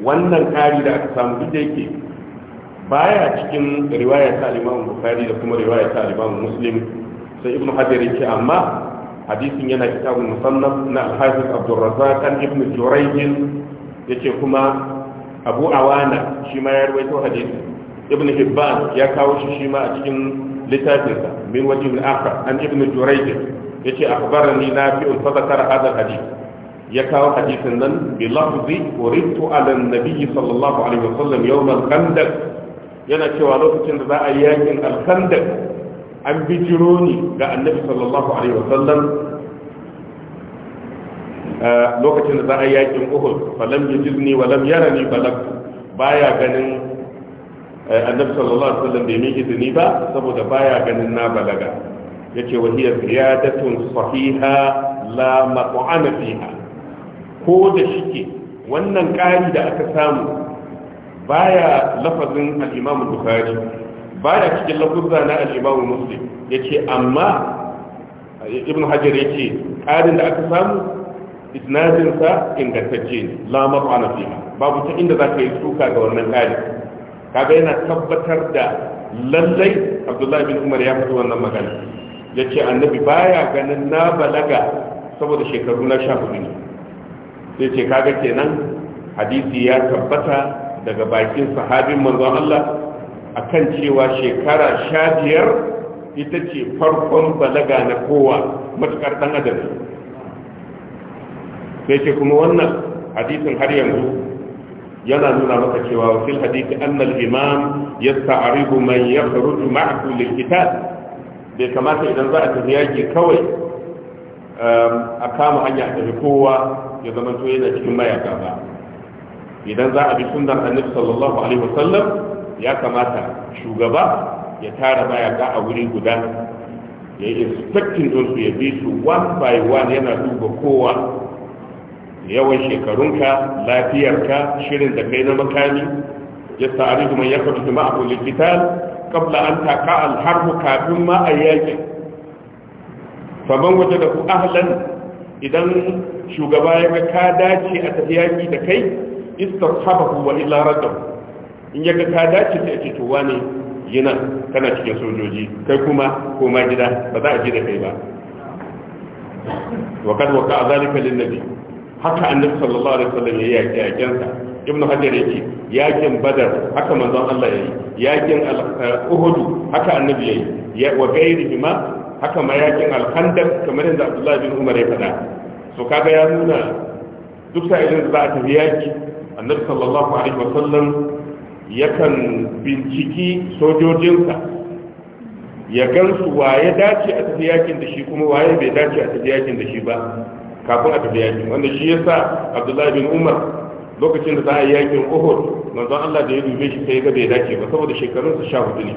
wannan kari da aka samu duk da yake baya cikin riwayar ta al-Imam Bukhari da kuma riwayar ta al-Imam Muslim sai Ibn Hajar yake amma hadisin yana kitabun musannaf na al-Hafiz Abdul Razzaq an Ibn Jurayj yace kuma Abu Awana shi ma ya rawaito hadisin ibn hibban ya kawo shi shi ma a cikin littafinsa min wajibin akhar an ibn jurayj yace akhbarani nafi'un fa zakara hadha hadith ya kawo hadisin nan bi lafzi uritu ala nabiy sallallahu alaihi wasallam yawm al-khandaq yana cewa lokacin da za a yakin al-khandaq an bijiro ni ga annabi sallallahu alaihi wasallam eh, lokacin da za a yakin uhud falam yajizni wa lam yarani balagtu baya ganin Eh, annabi sallallahu alaihi wasallam bai min izini ba saboda baya ganin na balaga yace wa hiya ziyadatun sahiha la mat'ana fiha ko da shike wannan kari da aka samu baya lafazin al-Imam Bukhari baya cikin lafuzza na al-Imam Muslim yace amma eh, Ibn Hajar yace karin da aka samu isnadin sa ingantacce ne la mat'ana fiha babu ta inda zaka yi suka ga wannan kari. kaga yana tabbatar da lallai abdullahi bin umar ya faɗi wannan magana ya ce annabi baya ganin na balaga saboda shekaru na sha hudu ne sai ce kaga kenan hadisi ya tabbata daga bakin sahabin manzon Allah akan cewa shekara sha biyar ita ce farkon balaga na kowa matukar dan adam sai ce kuma wannan hadisin har yanzu yana nuna maka cewa fil hadisi annal imam yasta'ribu man yakhruju ma'ahu lil qital bai kamata idan za a tafi yaki kawai um, a kama hanya a tafi kowa ya zama to yana cikin mayaka ba idan za a bi sunnar annabi sallallahu alaihi wasallam ya kamata shugaba ya tara mayaka a wuri guda ya yi inspecting din su ya bi su one by one yana duba kowa yawan shekarunka lafiyarka shirin da kai na makami ya sa'aridu man yakatu kabla an taka قبل kafin ma a كافٍ ما waje da ku ahlan idan shugaba ya ga ka dace a tafiyaki da kai istashabahu wa illa raddahu in ya ga ka dace sai ce to ne yana kana cikin sojoji kai kuma koma gida ba za a ji da kai ba wa kad a ka zalika lin nabi haka annabi sallallahu alaihi wasallam ya yaki yakinsa ibn hajar yake yakin badar haka manzon Allah yayi yakin eh, uhud haka annabi yayi wa gairihi ma haka ma yakin al-khandaq kamar yadda Abdullah bin Umar ya faɗa so kaga ya nuna duk sa'ilin da za a tafi yaki annabi sallallahu alaihi wasallam yakan binciki sojojinsa ya gansu waye dace a tafi yakin da shi kuma waye bai dace a tafi yakin da shi ba kafin a tafi yakin wanda shi yasa abdullahi bin umar lokacin da za a yi yakin uhud manzon allah da ya dube shi sai ga bai dace ba saboda shekarun su sha hudu ne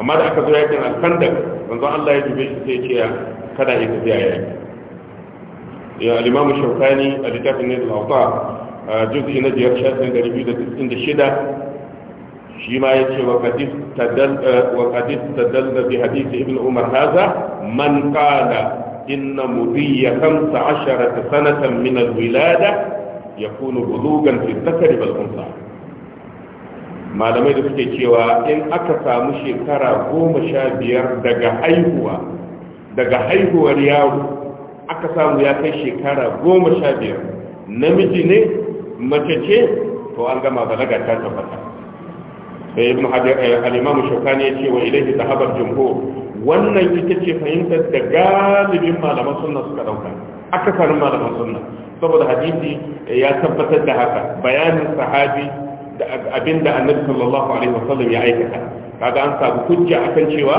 amma da aka zo yakin alkandak manzon allah ya dube shi sai ce kada ya tafi yaki ya alimamu shaukani a littafin ne da hauta a juzi na biyar shafin dari biyu da tisin da shida shi ma ya ce wa kadis tadalla bi hadisi ibn umar haza man kada. إن مضي خمس عشرة سنة من الولادة يكون بلوغا في الذكر والأنثى malamai da suke cewa in aka samu shekara goma sha biyar daga haihuwa daga haihuwar yaro aka samu ya kai shekara goma sha biyar namiji ne mace ce to an gama balaga ta tabbata sai ibn hajar al-imam shaukani ya ce wa ilayhi zahabar jumhur wannan ita ce fahimtar da galibin malaman sunna suka dauka akasarin malaman sunna saboda hadisi ya tabbatar da haka bayanin sahabi da abinda annabi sallallahu alaihi wasallam ya aikata kaga an samu hujja akan cewa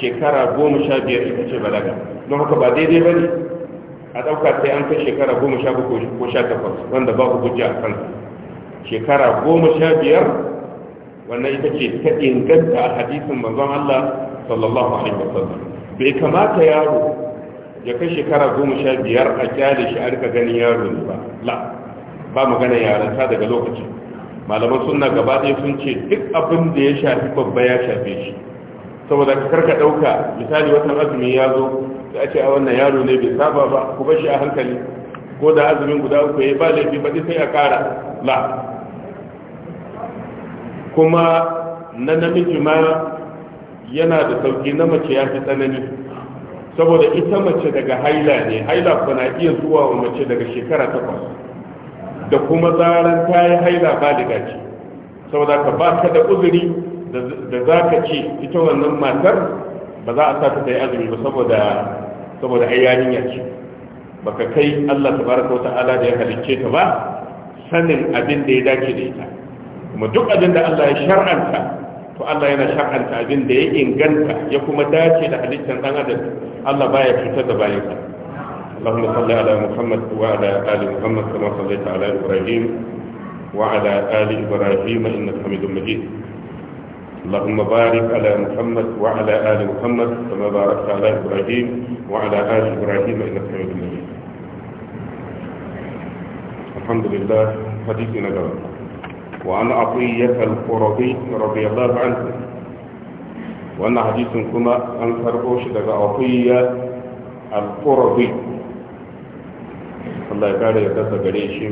shekara goma sha biyar ita ce balaga don haka ba daidai ba ne a ɗauka sai an kai shekara goma sha bakwai ko sha takwas wanda babu hujja a kansa shekara goma sha biyar wannan ita ce ta inganta a hadisin manzon Allah sallallahu alaihi wasallam bai kamata yaro ya kai shekara goma sha biyar a kyale shi a ganin yaro ne ba la ba magana yaranta daga lokaci malaman sunna gaba ɗaya sun ce duk abin da ya shafi babba ya shafe shi saboda ka karka ɗauka misali watan azumi ya zo da a ce a wannan yaro ne bai saba ba ku bar shi a hankali ko da azumin guda uku ya yi ba laifi ba sai a ƙara la kuma na namiji ma yana da sauki na mace ya fi tsanani saboda ita mace daga haila ne haila ku na iya zuwa wa mace daga shekara takwas da kuma zaran ta yi haila ba da ce saboda ka ba ka da uzuri da za ka ce ita wannan matar ba za a sa ta ta yi azumi ba saboda saboda ai ce ba baka kai Allah Ta baraka wata ala da ya halicce ta ba sanin abin da ya dace da ita kuma duk abin da Allah ya shar'anta to ya yana shakanta abin da ya inganta ya kuma dace da halittar dan adam Allah baya cutar da bayan ka Allahumma salli ala Muhammad wa ala ali Muhammad kama sallaita ala Ibrahim wa ala ali Ibrahim innaka Hamidum Majid اللهم بارك على محمد وعلى ال محمد كما باركت على ابراهيم وعلى ال ابراهيم انك حميد مجيد الحمد لله حديثنا جواب وعن عطية القرظي رضي الله عنه وأن حديث كما أنكر أوشد عطية القرظي الله يقال يدس قريشي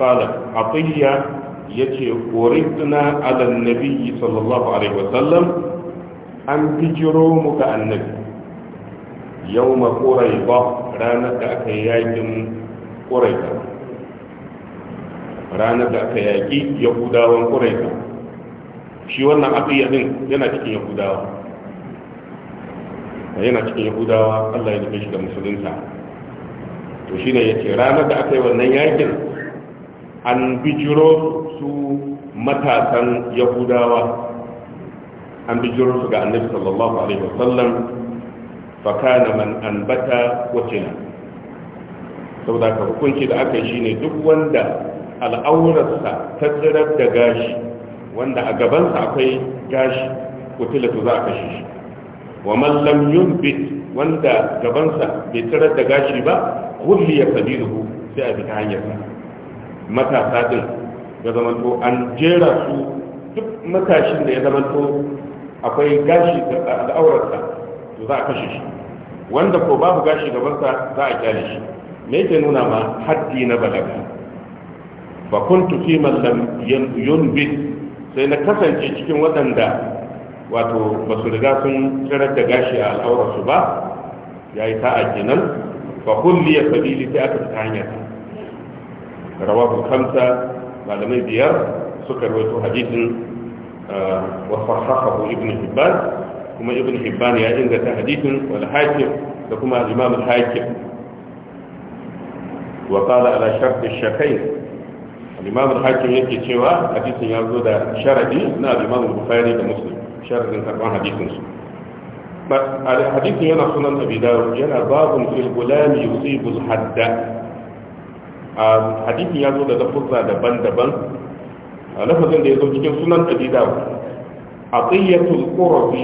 قال عطية يتي وردنا على النبي صلى الله عليه وسلم أن تجروا متأنبي يوم قريبة رانك أكياج قريبة ranar da aka yaƙi yahudawan ƙuraita shi wannan yi din yana cikin yahudawa yana cikin yahudawa Allah ya nufin shi da musulunta to shi ne ya ce ranar da aka yi wannan yakin an bijiro su matasan yahudawa an bijiro su ga annabi sallallahu alaihi wasallam fa kana man anbata wajina saboda ka hukunci da aka yi shi ne duk wanda al'aurarsa ta tsirar da gashi wanda a gabansa akwai gashi kutilatu za a kashe shi wa mallam bit wanda gabansa bai tsirar da gashi ba kulli ya sabiru sai a bi ta hanyar sa. matasa din ya zamanto an jera su duk matashin da ya zamanto akwai gashi al'aurarsa to za a kashe shi wanda ko babu gashi gabansa za a kyale shi me yake nuna ma haddi na balaga fa kuntu fi man lam yunbit sai na kasance cikin waɗanda wato ba su riga sun tsirar da gashi a al'aurarsu ba ya yi ta'a kenan fa kulliya sabili sai aka ta hanyar rawahu kamsa malamai biyar suka rawaito hadisin ah, wa sahahahu ibn hibban kuma ibn hibban ya inganta hadisin wal hakim da kuma al-imam al-hakim wa qala limamin hakim yake cewa hadisin ya zo da sharadi na limamin bukari da muslim sharadin karban hadisinsu uh, hadisin yana sunan abi dawud yana babun fil gulami yusibu hadda um, hadisin ya zo da lafuzza daban-daban uh, lafazin da ya zo cikin sunan abi dawud atiyatul qurabi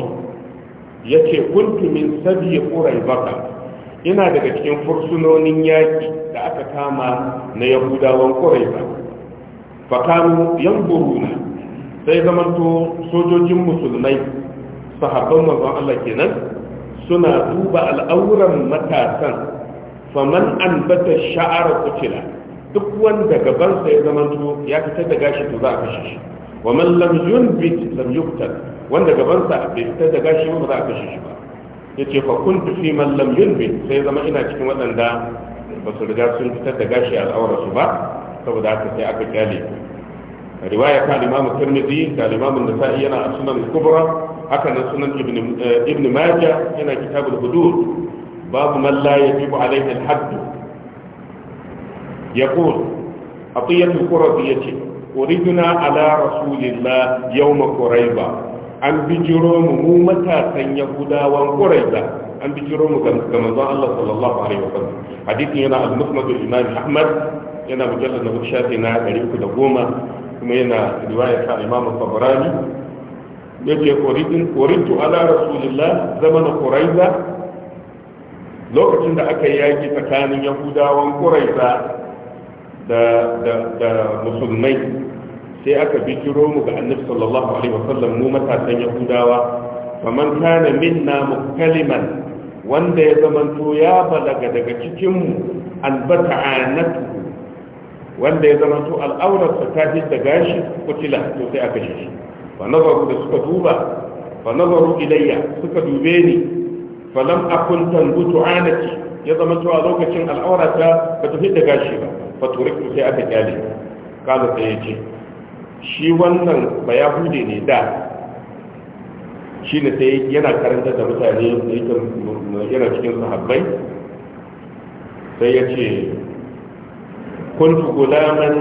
yace kuntu min sabi quraybaka ina daga cikin fursunonin yaƙi da aka kama na yahudawan qurayba fakanu yanzuruna sai zamanto sojojin musulmai sahabban manzon Allah kenan suna duba al'auran matasan faman bata sha'ara kutila duk wanda gaban sai ya zamanto ya fitar da gashi to za a kashe shi wa man lam yunbit lam yuqtal wanda gaban sa bai fitar da gashi ba za a kashe shi ba yace fa kuntu fi man lam yunbit sai zama ina cikin waɗanda ba su riga sun fitar da gashi al'aura su ba saboda haka sai aka kyale riwaya ta imam tirmidhi da imam nasa'i yana a sunan kubra haka nan sunan ibn ibn majah yana kitabul hudud babu man la yajibu alayhi al-hadd yaqul atiyatul qurazi yace uridna ala rasulillah yawma quraiba an bijiro mu mu matasan yahudawan ƙuraiza an bijiro mu ga manzon Allah sallallahu alaihi wasallam hadisin yana al-musnad al-imam Ahmad yana mujallar na shafi na ɗari uku da goma kuma yana riwaya ta imam tabarani ya ce korintu ala rasulillah zama na kuraiza lokacin da aka yaki tsakanin yahudawan kuraiza da musulmai sai aka bijiro mu ga annabi sallallahu alaihi wasallam mu matasan yahudawa faman kana minna mukaliman wanda ya zamanto ya balaga daga cikinmu albata anatu wanda ya zama to al'aurar ta ta da gashi kutila to sai aka shi fa nazaru da suka duba fa nazaru ilayya suka dube ni fa lam akun tanbutu anati ya zama to a lokacin al'aura ta ba ta fi da gashi ba fa turiktu sai aka kyale kaza sai ya ce shi wannan ba yahude ne da shi ne sai yana karanta da mutane da yana cikin sahabbai sai ya ce kuntu gulaman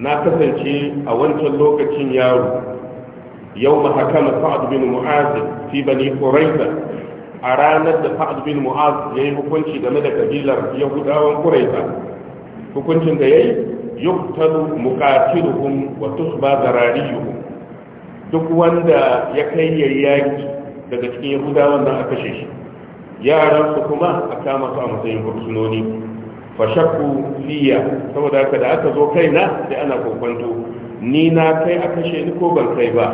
na kasance a wancan lokacin yaro yau ma hakama bin mu'az fi bani quraiza a ranar da fa'ad bin mu'az yi hukunci game da kabilar yahudawan quraiza hukuncin da yayi yuqtalu muqatiluhum wa tusba darariyuhum duk wanda ya kai yayyaki daga cikin yahudawan da a shi yaran su kuma a kama su a matsayin fursunoni fa shakku fiya saboda haka da aka zo kaina sai ana kokwanto ni na kai a kashe ni ko ban kai ba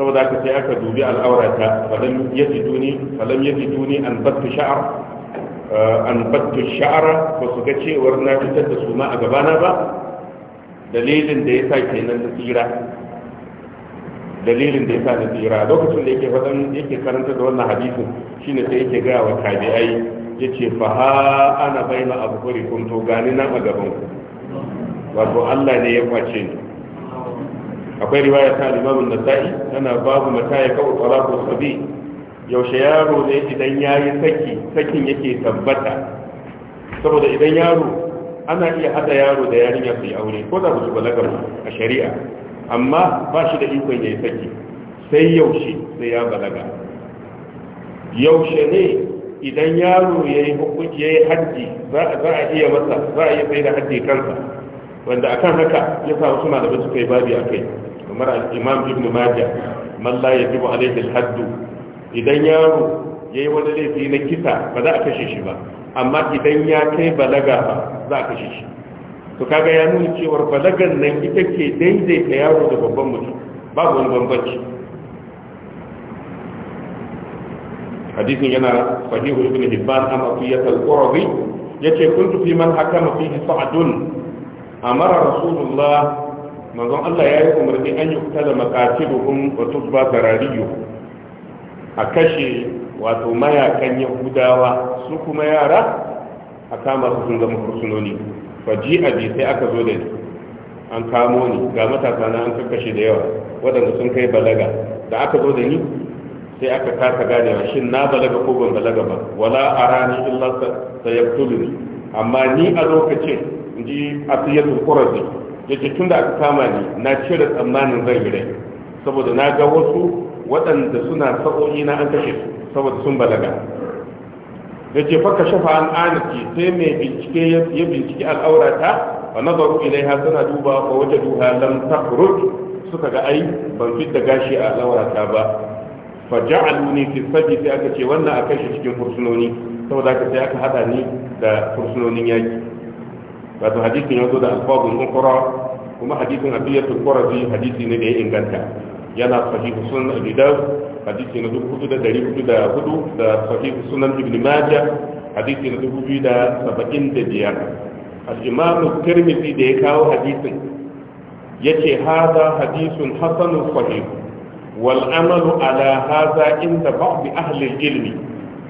saboda haka sai aka dubi al'aurata falam duni falam duni an battu sha'ar eh, an battu sha'ara ba su ga cewar na fitar da su ma a gabana ba dalilin da ya sa kenan na tsira dalilin da ya sa na tsira lokacin da yake faɗan yake karanta da wannan hadisin shine sai yake gaya wa tabi'ai yace fa ha ana baina kun to gani na a gaban ku wato Allah ne ya kwace ni akwai riwaya ta Imam an-Nasa'i tana babu mata ya kawo talaqu sabi yaushe yaro ne idan yayi saki sakin yake tabbata saboda idan yaro ana iya hada yaro da yarinya su yi aure ko da su balaga a shari'a amma ba shi da ikon yayi saki sai yaushe sai ya balaga yaushe ne idan yaro ya yi hukunci haddi za a iya masa za a iya sai da haddi kansa wanda akan haka ya sa wasu da wasu yi babi a kai kamar imam ibn majah man la yajibu alaihi haddu. idan yaro ya yi wani laifi na kisa ba za a kashe shi ba amma idan ya kai balaga ba za a kashe shi to kaga ya nuna cewar balagan nan ita ke daidaita yaro da babban mutum babu wani bambanci hadisin yana sahihu ibn hibban an afiyat al qurbi yace kuntu fi man hakama fihi sa'dun amara rasulullah manzo Allah ya yi umarni an yuktala makatibuhum wa tubba zarariyu a kashe wato mayakan yahudawa su kuma yara a kama su sun zama fursunoni faji a sai aka zo da ni an kamo ni ga matasa na an kakkashe da yawa waɗanda sun kai balaga da aka zo da ni sai aka kasa gane wa shin na balaga ko ban balaga ba wala arani illa sayaktuluni amma ni a lokacin in ji asiyatu qurazi yace tunda aka kama ni na cire tsammanin zan yi rai saboda na ga wasu waɗanda suna sa'o'i na an kashe saboda sun balaga yace fa shafa an sai mai bincike ya bincike al'aurata wa nazaru ilaiha suna duba wa wajadu lam takhruj suka ga ai ban fitta gashi a al'aurata ba fa ja'aluni fi saji sai aka ce wannan aka kai shi cikin fursunoni saboda aka sai aka hada ni da fursunonin yaki wato hadisin ya zo da alfabun ukura kuma hadisin abiyatul qurazi hadisi ne da ya inganta yana sahihu sunan abi dawud hadisi na dubu da dari hudu da hudu da sahihu sunan ibn majah hadisi na dubu biyu da saba'in da biyar al-imam tirmidhi da ya kawo hadisin yace hada hadisun hasanun sahih Wal'amalu amalu ala hadha inda ilmi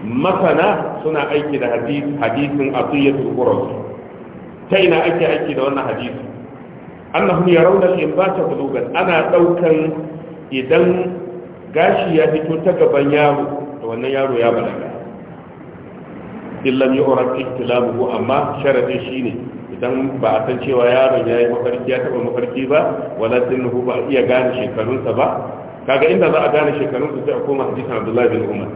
masana suna aiki da hadis hadisin atiyatul qurus ta ina ake aiki da wannan hadisi annahum yarawna al-inbata bulugan ana ɗaukan idan gashi ya fito ta gaban yaro to wannan yaro ya balaga illam yu'raf ihtilamuhu amma sharadi shine idan ba a san cewa yaron ya taba mafarki ba wala sinnahu ba iya gane shekarunsa ba kaga inda za a gane shekarun su sai a koma hadisin abdullahi bin umar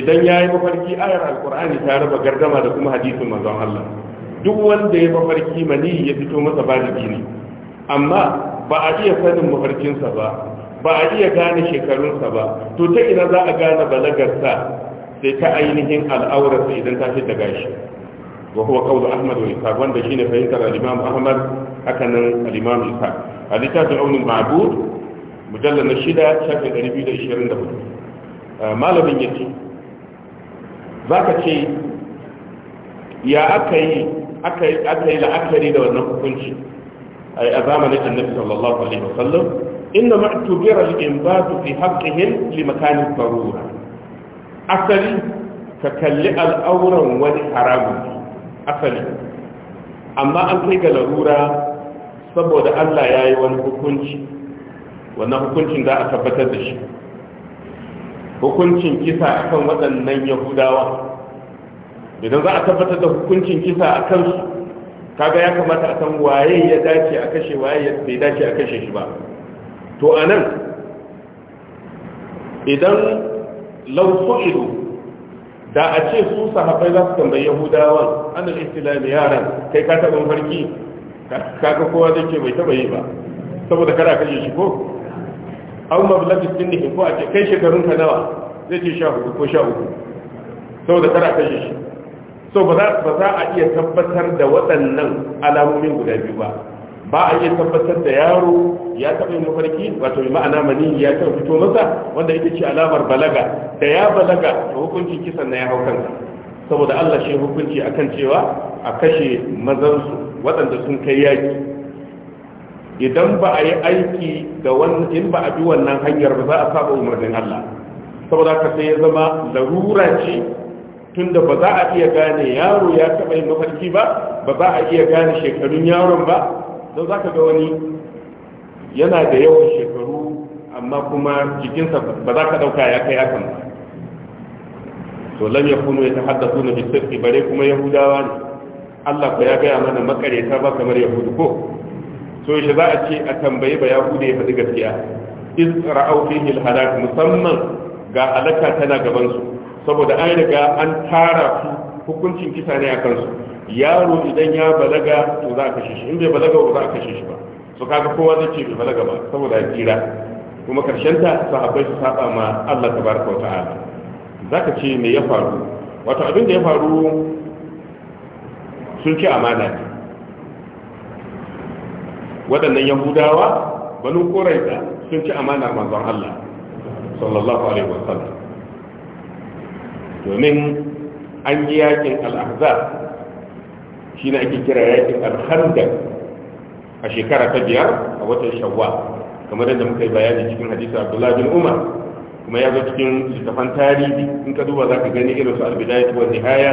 idan ya yi mafarki ayar alkur'ani ta raba gardama da kuma hadisin manzon allah duk wanda ya mafarki mani ya fito masa baligi ne amma ba a iya sanin mafarkinsa ba ba a iya gane shekarunsa ba to ta ina za a gane sa sai ta ainihin al'aurarsa idan ta fi daga shi wa huwa qawlu ahmad wa wanda shine fahimtar al-imam ahmad hakanan al-imam ishaq al al-awn mabud Mujalla na shida shafin 224 ah, malamin ya ce za ka ce ya aka yi la'akari da wannan hukunci a zamanin annabi sallallahu alaihi wasallam inna ma'tubira al-inbatu fi haqqihim li makani darura asali ka kalli al'auran wani haramun asali amma an kai ga larura saboda Allah ya yi wani hukunci wannan hukuncin za a tabbatar da shi hukuncin kisa akan waɗannan yahudawa idan za a tabbatar da hukuncin kisa a kansu kaga ya kamata a san waye ya dace a kashe waye bai dace a kashe shi ba to a nan idan lausu'ilu da a ce su sahabai za su tambayi yahudawan ana islami yaran kai ka taɓa farki kaga kowa zai ce bai taɓa yi ba saboda kada kashe shi ko an mablagin sinnihin ko a ce kai shekarun ka nawa zai ce sha hudu ko sha uku saboda kara kashe shi so ba za a iya tabbatar da waɗannan alamomin guda biyu ba ba a iya tabbatar da yaro ya taɓa yin mafarki wato yi ma'ana mani ya taɓa fito masa wanda ita ce alamar balaga da ya balaga da hukuncin kisan na ya hau kansa saboda Allah shi hukunci akan cewa a kashe mazansu waɗanda sun kai yaki idan ba a yi aiki da wannan in ba a bi wannan hanyar ba za a saba umarnin Allah saboda ka sai ya zama larura ce tunda ba za a iya gane yaro ya taɓa yin mafarki ba ba za a iya gane shekarun yaron ba don za ka ga wani yana da yawan shekaru amma kuma jikinsa ba za ka ɗauka ya kai hakan ba to lam yakunu yatahaddathuna bi sirri bare kuma yahudawa ne Allah ko ya gaya mana makareta ba kamar yahudu ko to yaushe za a ce a tambayi ba ya kude ya faɗi gaskiya is ra'au fihi halak musamman ga halaka tana gaban su saboda an riga an tara su hukuncin kisa ne a kansu yaro idan ya balaga to za a kashe shi in bai balaga ba za a kashe shi ba su kaga kowa zai ce bai balaga ba saboda ya tsira kuma karshen ta sahabbai su saba ma Allah tabaraka wa ta'ala zaka ce me ya faru wato abin da ya faru sun ci amana ne. waɗannan yahudawa banu quraiza sun ci amana manzon Allah sallallahu alaihi wasallam domin an yi yakin al-ahzab a ake kira yakin al a shekara ta biyar a watan Shawwa. kamar yadda muka yi bayani cikin hadisi Abdullahi bin Umar kuma ya zo cikin littafan tarihi in ka duba zaka gani irin su al-bidayah nihaya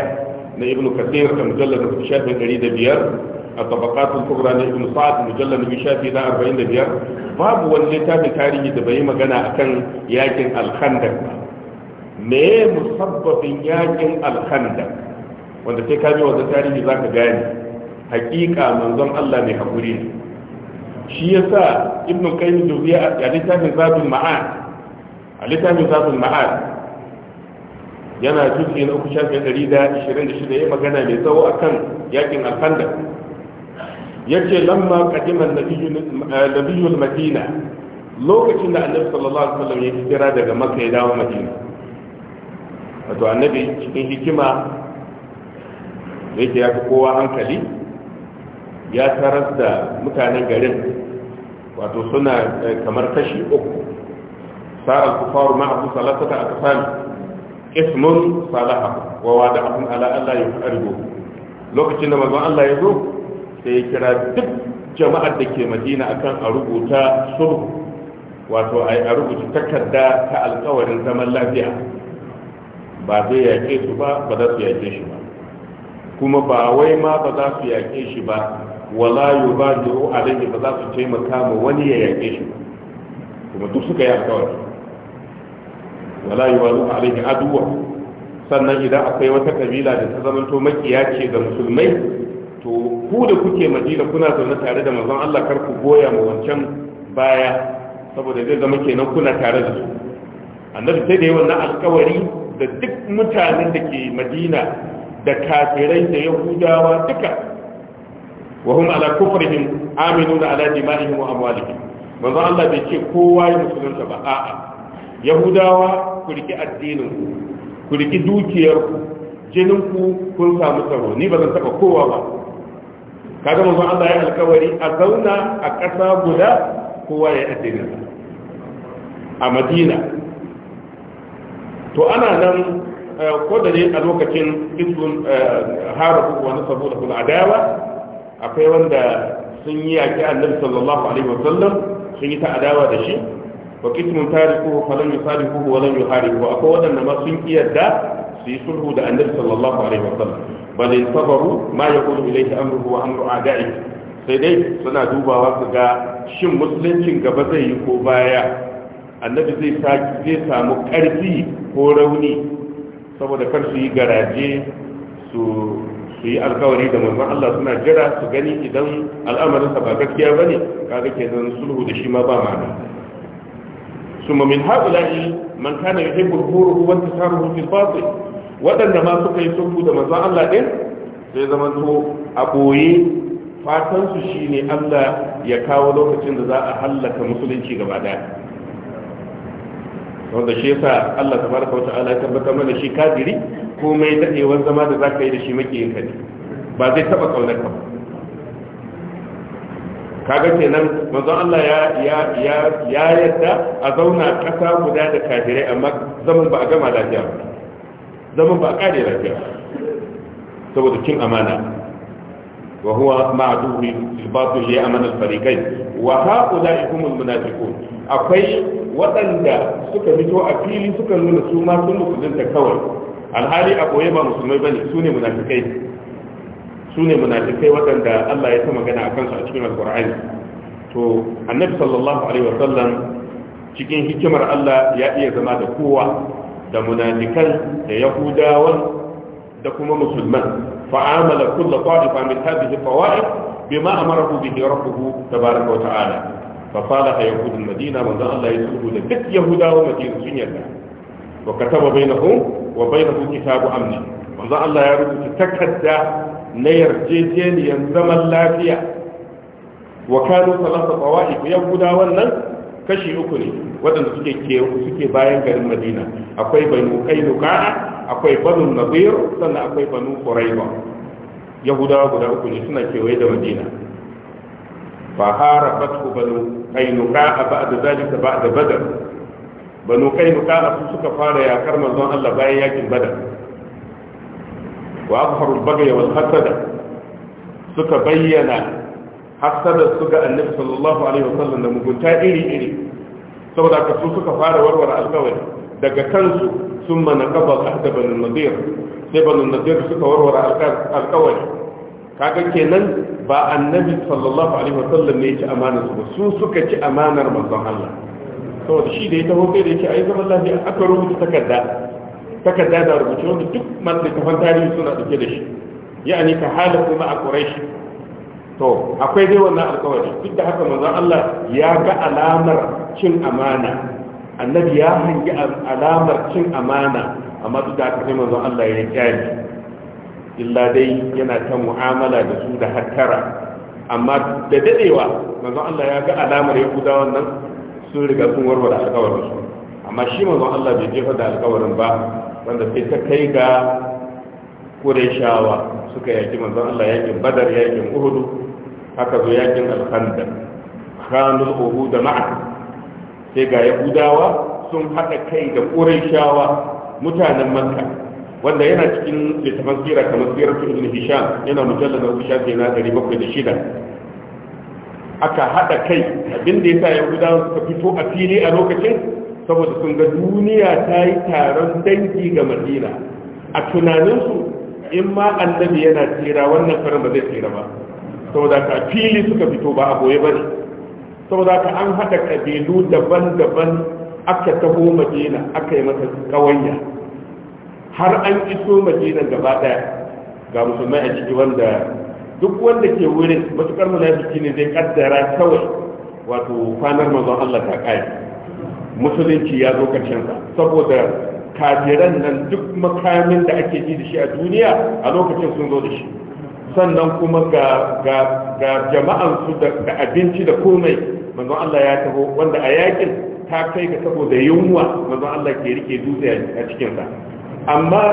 na ibnu kathir da mujallad da shafin الطبقات الكبرى لابن سعد مجلد بشافي لا 40 ديار باب وليتا بتاريخ دبي مغنى اكن ياكن الخندق مي مسبب ياكن الخندق وانت تكاني وذا تاريخ ذاك جاني حقيقة منظم الله نحبورين شيسا ابن القيم الجوزية يعني تاني ذات المعاد علي تاني ذات المعاد يانا جزئين اوكشان في قريدة شرين دشدة ايه مغنى ميزاو اكن ياكن الخندق yace lamma qadima nabiyul madina lokacin da annabi sallallahu alaihi wasallam ya hijira daga makka ya dawo madina wato annabi cikin hikima yake ya fi kowa hankali ya tarar da mutanen garin wato suna eh, kamar kashi uku sa'ar kufaru ma'abu salatata a kasani ismun salaha wa wada abun ala Allah ya lokacin da mazan Allah ya zo sai ya kira duk jama'ar da ke madina akan a rubuta sulhu wato a rubuta takarda ta alkawarin zaman lafiya ba zai yaƙe su ba ba za su yaƙe shi ba kuma ba wai ma ba za su yaƙe shi ba wala yu ba duru alaihi ba za su taimaka ma wani ya yaƙe shi ba kuma duk suka yi alkawari wala yu ba duru alaihi aduwa sannan idan akwai wata kabila da ta zamanto makiya ce ga musulmai to ku da kuke madina kuna zaune tare da manzon Allah kar ku goya ma wancan baya saboda zai zama kenan kuna tare da su annabi sai da na alkawari da duk mutanen da ke madina da kafirai da yahudawa duka wa hum ala kufrihim aminuna ala dima'ihim wa amwalihim manzo Allah bai ce kowa ya musulunta ba a'a yahudawa ku riki addinin ku ku riki dukiyar ku jinin ku kun samu tsaro ni ba zan taba kowa ba kaga manzo Allah ya alkawari a zauna a ƙasa guda kowa ya addinin a Madina to ana nan eh, ko da ne a lokacin isbun eh, harafu wani saboda kula adawa akwai wanda sun yi yaƙi annabi sallallahu alaihi wasallam sun yi ta adawa da shi wa kitmun tarikuhu falan yusarifuhu wa lan yuharibu akwai wadanda ma sun kiyarda su yi sulhu da annabi sallallahu alaihi wasallam bal sabaru ma yaqulu ilayhi amruhu wa amru a'da'i sai dai suna dubawa su ga shin musuluncin gaba zai yi ko baya annabi zai saki zai samu karfi ko rauni saboda kar su yi garaje su su yi alkawari da manzon Allah suna jira su gani idan al'amarin sa ba gaskiya bane kaga kenan sulhu da shi ma ba ma'ana summa min haula'i man kana yuhibbu al-huru wa tasaruhu waɗanda ma suka yi sulhu da manzon Allah ɗin sai zama to a boye fatan su shine Allah ya kawo lokacin da za a hallaka musulunci gaba daya wanda shi yasa Allah tabaraka wata'ala ya tabbatar mana shi kadiri ko mai dadewar zama da zaka yi da shi makiyin ka ne ba zai taba kaunar ka kaga kenan manzon Allah ya ya ya ya yadda a zauna kasa guda da kadirai amma zaman ba a gama lafiya ba Zama ba a kare lafiya saboda cin amana وهو مع دور الباطل لأمن الفريقين وهؤلاء هم المنافقون akwai waɗanda suka fito a fili suka nuna su ma sun musulunta kawai alhali a koye ba musulmai bane su ne munafikai su ne munafikai waɗanda Allah ya ta magana a kansu a cikin alƙur'ani to annabi sallallahu alaihi wasallam cikin hikimar Allah ya iya zama da kowa da munafikan da yahudawa da kuma musulman fa'amala kullu qadifa min hadhihi fawaid bima amarahu bihi rabbuhu tabaaraka wa ta'ala fa qala yahudul madina man Allah ya da duk yahudawa madina sun yarda wa kataba bainahum wa bainahu kitabu amni Allah ya rubuta takarda na yarjejeniyar zaman lafiya wa kanu salasa yahudawan nan kashi uku ne waɗanda suke suke bayan garin madina akwai banu kainuka akwai banu nadir sannan akwai banu quraiba yahudawa guda uku ne suna kewaye da madina fa harabathu banu kainuka ba'da zalika ba'da badr banu kainuka su suka fara yakar manzon Allah bayan yakin badar wa azharu al-baghy wal hasada suka bayyana hasadar su ga annabi sallallahu alaihi wasallam da mugunta iri iri saboda ka su suka fara warware alkawari daga kansu sun mana kaba ahda banu nadir sai banu nadir suka warware alkawari kaga kenan ba annabi sallallahu alaihi wasallam ne ya ci amanar su ba su suka ci amanar manzon Allah saboda shi da ya taho kai da yake ai zaman lafiya aka rubuta takarda takarda da rubuce wanda duk masu littafan tarihi suna dauke da shi ya'ani ka halatu ma'a quraish to akwai dai wannan alkawari duk da haka manzon Allah ya ga alamar cin amana annabi ya hangi alamar cin amana amma duk da haka sai manzon Allah ya kyale illa dai yana ta mu'amala da su da hattara amma da dadewa manzon Allah ya ga alamar ya guda wannan sun riga sun warware alkawarin su amma shi manzon Allah bai jefa da alkawarin ba wanda sai ta kai ga shawa suka yaki manzon Allah yakin Badar yakin uhudu haka zo yakin Al-Khandaq khanul Uhud ma'a sai ga Yahudawa sun haɗa kai da Qurayshawa mutanen Makka wanda yana cikin littafin sira kamar sirar Ibn Hisham yana mujallad na bakwai da shida aka haɗa kai abinda ya sa yahudawa suka fito a fili a lokacin saboda sun ga duniya ta yi taron dangi ga madina a tunaninsu in ma annabi yana tsira wannan karin ba zai tsira ba saboda ka fili suka fito ba a goye ne saboda ka an haɗa kabilu daban-daban aka taho madina aka yi masa kawanya har an iso madina gaba daya ga musulmai a ciki wanda duk wanda ke wurin matukar munafiki ne zai kaddara kawai wato kwanar manzon Allah ta kai musulunci ya zo karshen saboda kafiran nan duk makamin da ake ji da shi a duniya a lokacin sun zo da shi sannan kuma ga ga jama'ansu da abinci da komai manzon Allah ya taho wanda a yakin ta kai ga saboda yunwa manzon Allah ke rike dutse a cikin sa amma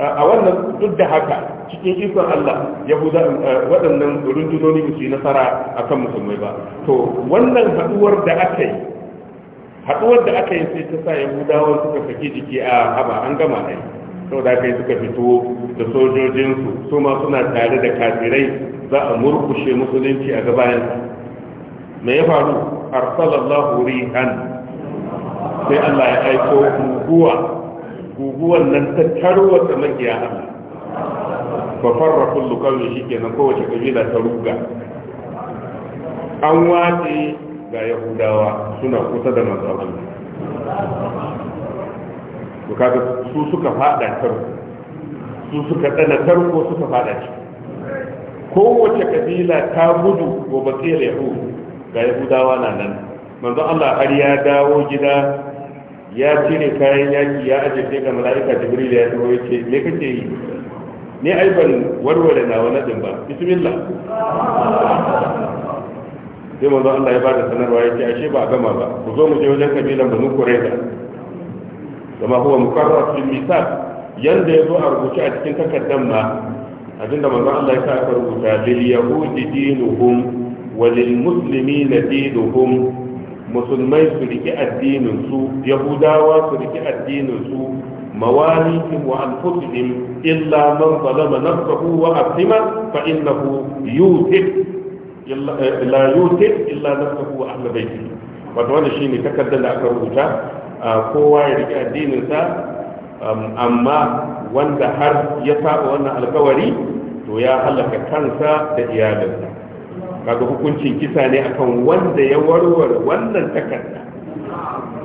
a wannan duk da haka cikin ikon Allah yahuda waɗannan rundunoni ba su yi nasara akan musulmai ba to wannan haɗuwar da aka yi haɗuwar da aka yi sai ta sa yahudawa suka saki jiki a haba an gama sau saboda aka yi suka fito da sojojinsu su ma suna tare da kafirai za a murkushe musulunci a gabayan me ya faru arsalallahu rihan sai Allah ya aiko guguwa guguwan nan ta da magiya Allah fa farra kullu qawmi shikenan kowace kabila ta ruga an wace. ga yahudawa suna kusa da manzon Allah kaga su suka fada tarko su suka tsana tarko suka fada shi kowace kabila ta gudu ko bakiyar yahud ga yahudawa na nan manzo Allah har ya dawo gida ya cire kayan yaki ya ajiye ga mala'ika jibril ya zo yace me kake yi ne ai ban warware nawa din ba bismillah sai manzo Allah ya ba da sanarwa ya ce ashe ba a gama ba ku zo mu je wajen kabilan banu kureza kama huwa mukarrar fil misal yanda yazo a rubuce a cikin takardar ma abinda manzo Allah ya sa aka rubuta lil yahudi dinuhum wa lil muslimina dinuhum musulmai su riki addinin su yahudawa su riki addinin su mawalihim wa anfusihim illa man zalama nafsahu wa aslima fa innahu yutib Eh, la yutir illa nafsuhu wa ahli baiti wato wanda shine takardar da aka rubuta kowa ya rike addinin sa um, amma wanda har ya saba wannan alkawari to ya halaka kansa da iyalinsa kaga hukuncin kisa ne akan wanda ya warware wannan takarda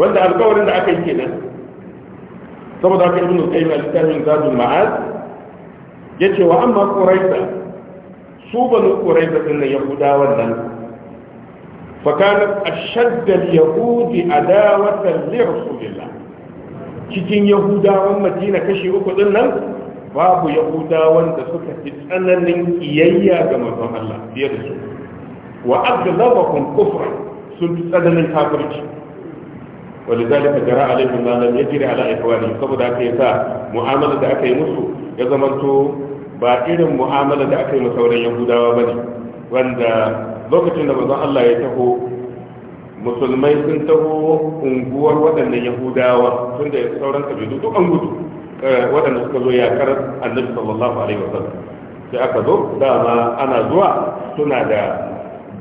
wanda alkawarin da aka yi kenan saboda haka ibnu qayyim al-karim zadul ma'ad yace wa amma quraisha su banu quraiza din nan yahudawan nan fa kana ashadda yahudi adawatan li rasulillah cikin yahudawan madina kashi uku din nan babu yahudawan da suka fi tsananin kiyayya ga manzon Allah fiye da su wa aghlabahum kufra sun fi tsananin kafirci ولذلك جرى عليهم ما لم يجري على اخوانهم saboda haka yasa mu'amala da aka yi musu ya zamanto ba irin mu'amala da aka yi ma sauran yahudawa ba ne wanda lokacin da bazan Allah ya taho musulmai sun taho unguwar waɗannan yahudawa tun da sauran kabilu duk an gudu eh, waɗanda suka zo yakar annabi sallallahu alaihi wasallam sai aka zo dama ana zuwa suna da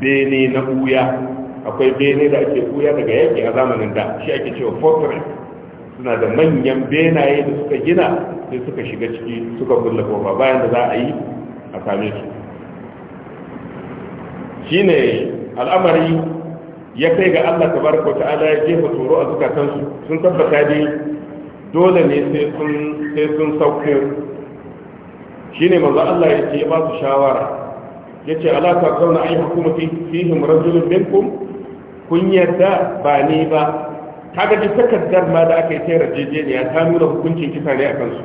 bene na uya akwai bene da ake uya daga yaki a zamanin da shi ake cewa fortress suna da manyan benaye da suka gina sai suka shiga ciki suka kulle kofa bayan da za a yi a same su Shi ne al'amari ya kai ga Allah tabaraka ta'ala ya jefa tsoro a zukatansu sun tabbata dai dole ne sai sun sai sun ne shine manzo Allah ya ce ba su shawara Ya yace ala ta kauna ai hukumati fihim rajulun minkum kun yadda ba ni ba kaga duk takardar ma da aka yi ta yarjejeniya ta nuna hukuncin kisa ne a kansu